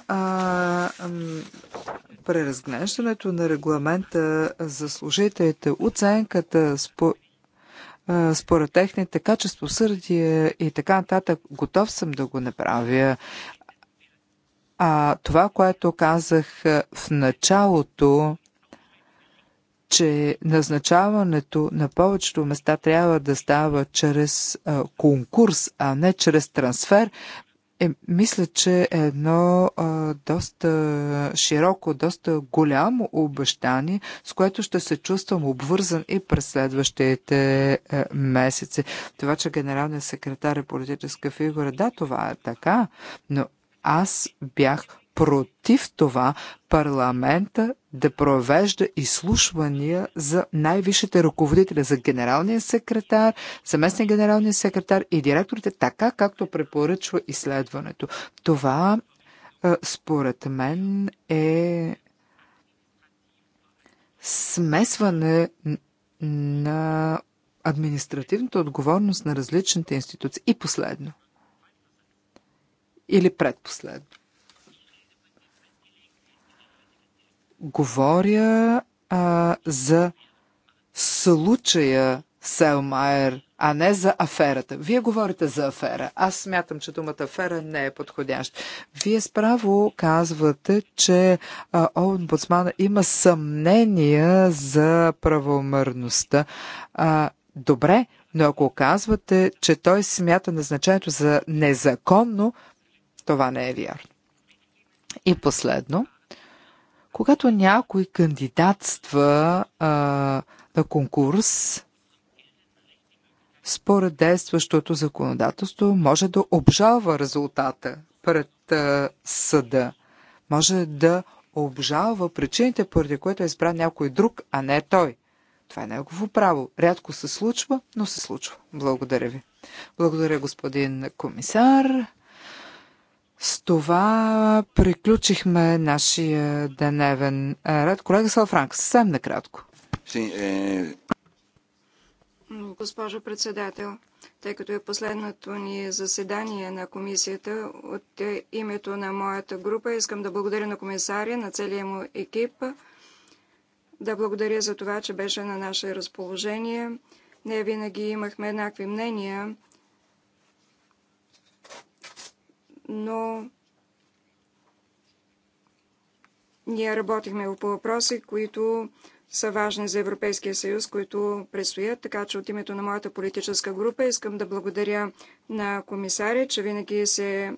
а, преразглеждането на регламента за служителите, оценката спо, а, според техните качество, сърдие и така нататък, готов съм да го направя. А това, което казах в началото, че назначаването на повечето места трябва да става чрез конкурс, а не чрез трансфер, е, мисля, че е едно а, доста широко, доста голямо обещание, с което ще се чувствам обвързан и през следващите а, е, месеци. Това, че генералният секретар е политическа фигура, да, това е така, но аз бях против това парламента да провежда изслушвания за най-висшите ръководители, за генералния секретар, заместник генералния секретар и директорите, така както препоръчва изследването. Това, е, според мен, е смесване на административната отговорност на различните институции. И последно. Или предпоследно. Говоря а, за случая Селмайер, а не за аферата. Вие говорите за афера. Аз смятам, че думата афера не е подходящ. Вие справо казвате, че а, омбудсмана има съмнения за правомерността. А, добре, но ако казвате, че той смята назначението за незаконно, това не е вярно. И последно – когато някой кандидатства а, на конкурс, според действащото законодателство, може да обжалва резултата пред а, съда. Може да обжалва причините, поради които е избран някой друг, а не той. Това е негово право. Рядко се случва, но се случва. Благодаря ви. Благодаря, господин комисар. С това приключихме нашия дневен ред. Колега Салфранк, съвсем накратко. Е, Госпожо председател, тъй като е последното ни заседание на комисията, от името на моята група искам да благодаря на комисаря, на целия му екип, да благодаря за това, че беше на наше разположение. Не винаги имахме еднакви мнения но ние работихме по въпроси, които са важни за Европейския съюз, които предстоят. Така че от името на моята политическа група искам да благодаря на комисаря, че винаги се е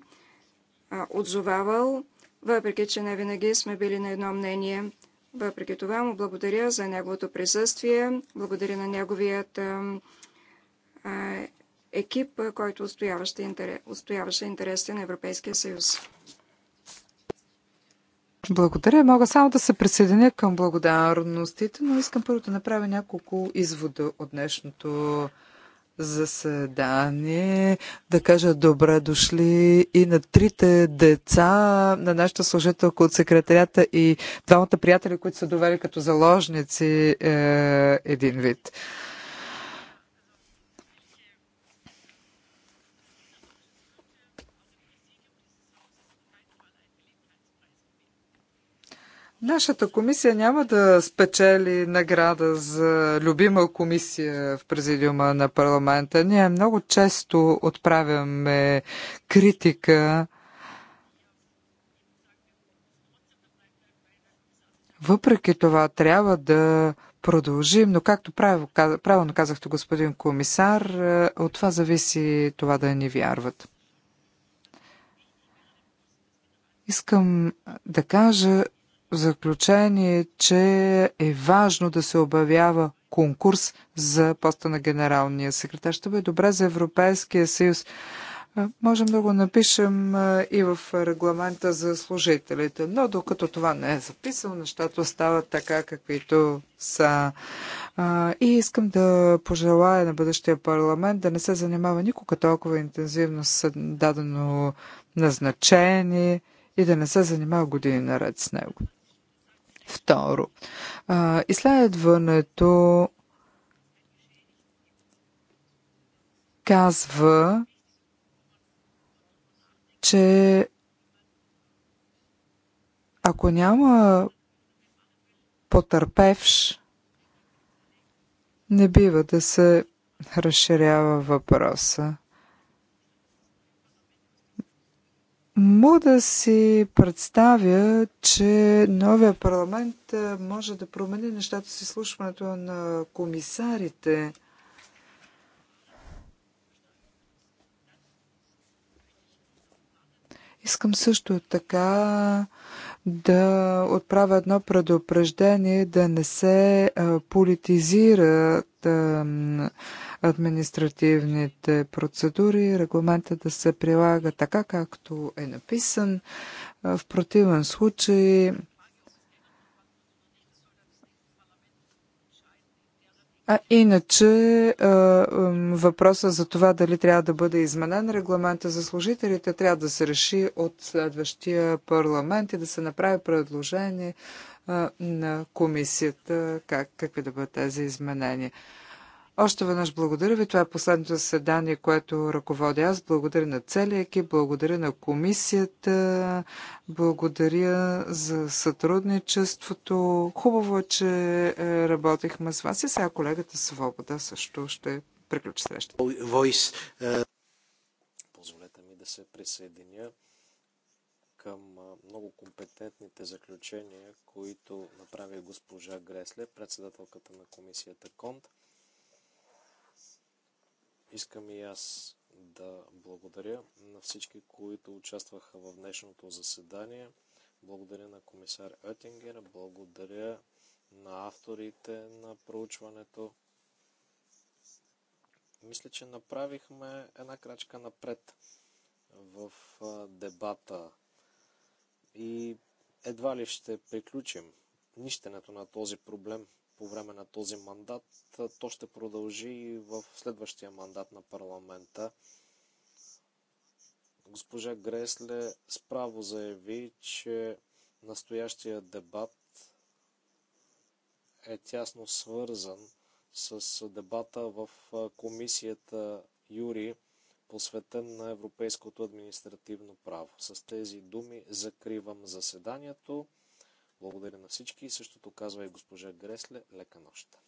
отзовавал, въпреки че не винаги сме били на едно мнение. Въпреки това му благодаря за неговото присъствие, благодаря на неговият екип, който отстояваше интересите на Европейския съюз. Благодаря. Мога само да се присъединя към благодарностите, но искам първо да направя няколко извода от днешното заседание, да кажа добре дошли и на трите деца, на нашата служителка от секретарята и двамата приятели, които са довели като заложници е, един вид. Нашата комисия няма да спечели награда за любима комисия в президиума на парламента. Ние много често отправяме критика Въпреки това трябва да продължим, но както правилно казахте, господин комисар, е, от това зависи това да ни вярват. Искам да кажа, заключение, че е важно да се обявява конкурс за поста на генералния секретар. Ще бъде добре за Европейския съюз. Можем да го напишем и в регламента за служителите, но докато това не е записано, нещата остават така, каквито са. И искам да пожелая на бъдещия парламент да не се занимава никога толкова интензивно с дадено назначение и да не се занимава години наред с него. Второ, изследването казва, че ако няма потърпевш, не бива да се разширява въпроса. Мога да си представя, че новия парламент е, може да промени нещата с изслушването на комисарите. Искам също така да отправя едно предупреждение да не се политизират административните процедури, регламента да се прилага така, както е написан. В противен случай А иначе въпроса за това дали трябва да бъде изменен регламента за служителите трябва да се реши от следващия парламент и да се направи предложение на комисията как, какви да бъдат тези изменения. Още веднъж благодаря ви. Това е последното заседание, което ръководя аз. Благодаря на целия екип, благодаря на комисията, благодаря за сътрудничеството. Хубаво е, че е, работихме с вас и сега колегата Свобода също ще приключи среща. Войс, е, позволете ми да се присъединя към е, много компетентните заключения, които направи госпожа Гресле, председателката на комисията Конт. Искам и аз да благодаря на всички, които участваха в днешното заседание. Благодаря на комисар Оттингер, благодаря на авторите на проучването. Мисля, че направихме една крачка напред в дебата и едва ли ще приключим нищенето на този проблем по време на този мандат. То ще продължи и в следващия мандат на парламента. Госпожа Гресле справо заяви, че настоящия дебат е тясно свързан с дебата в комисията Юри, посветен на европейското административно право. С тези думи закривам заседанието. Благодаря на всички, същото казва и госпожа Гресле. Лека нощ!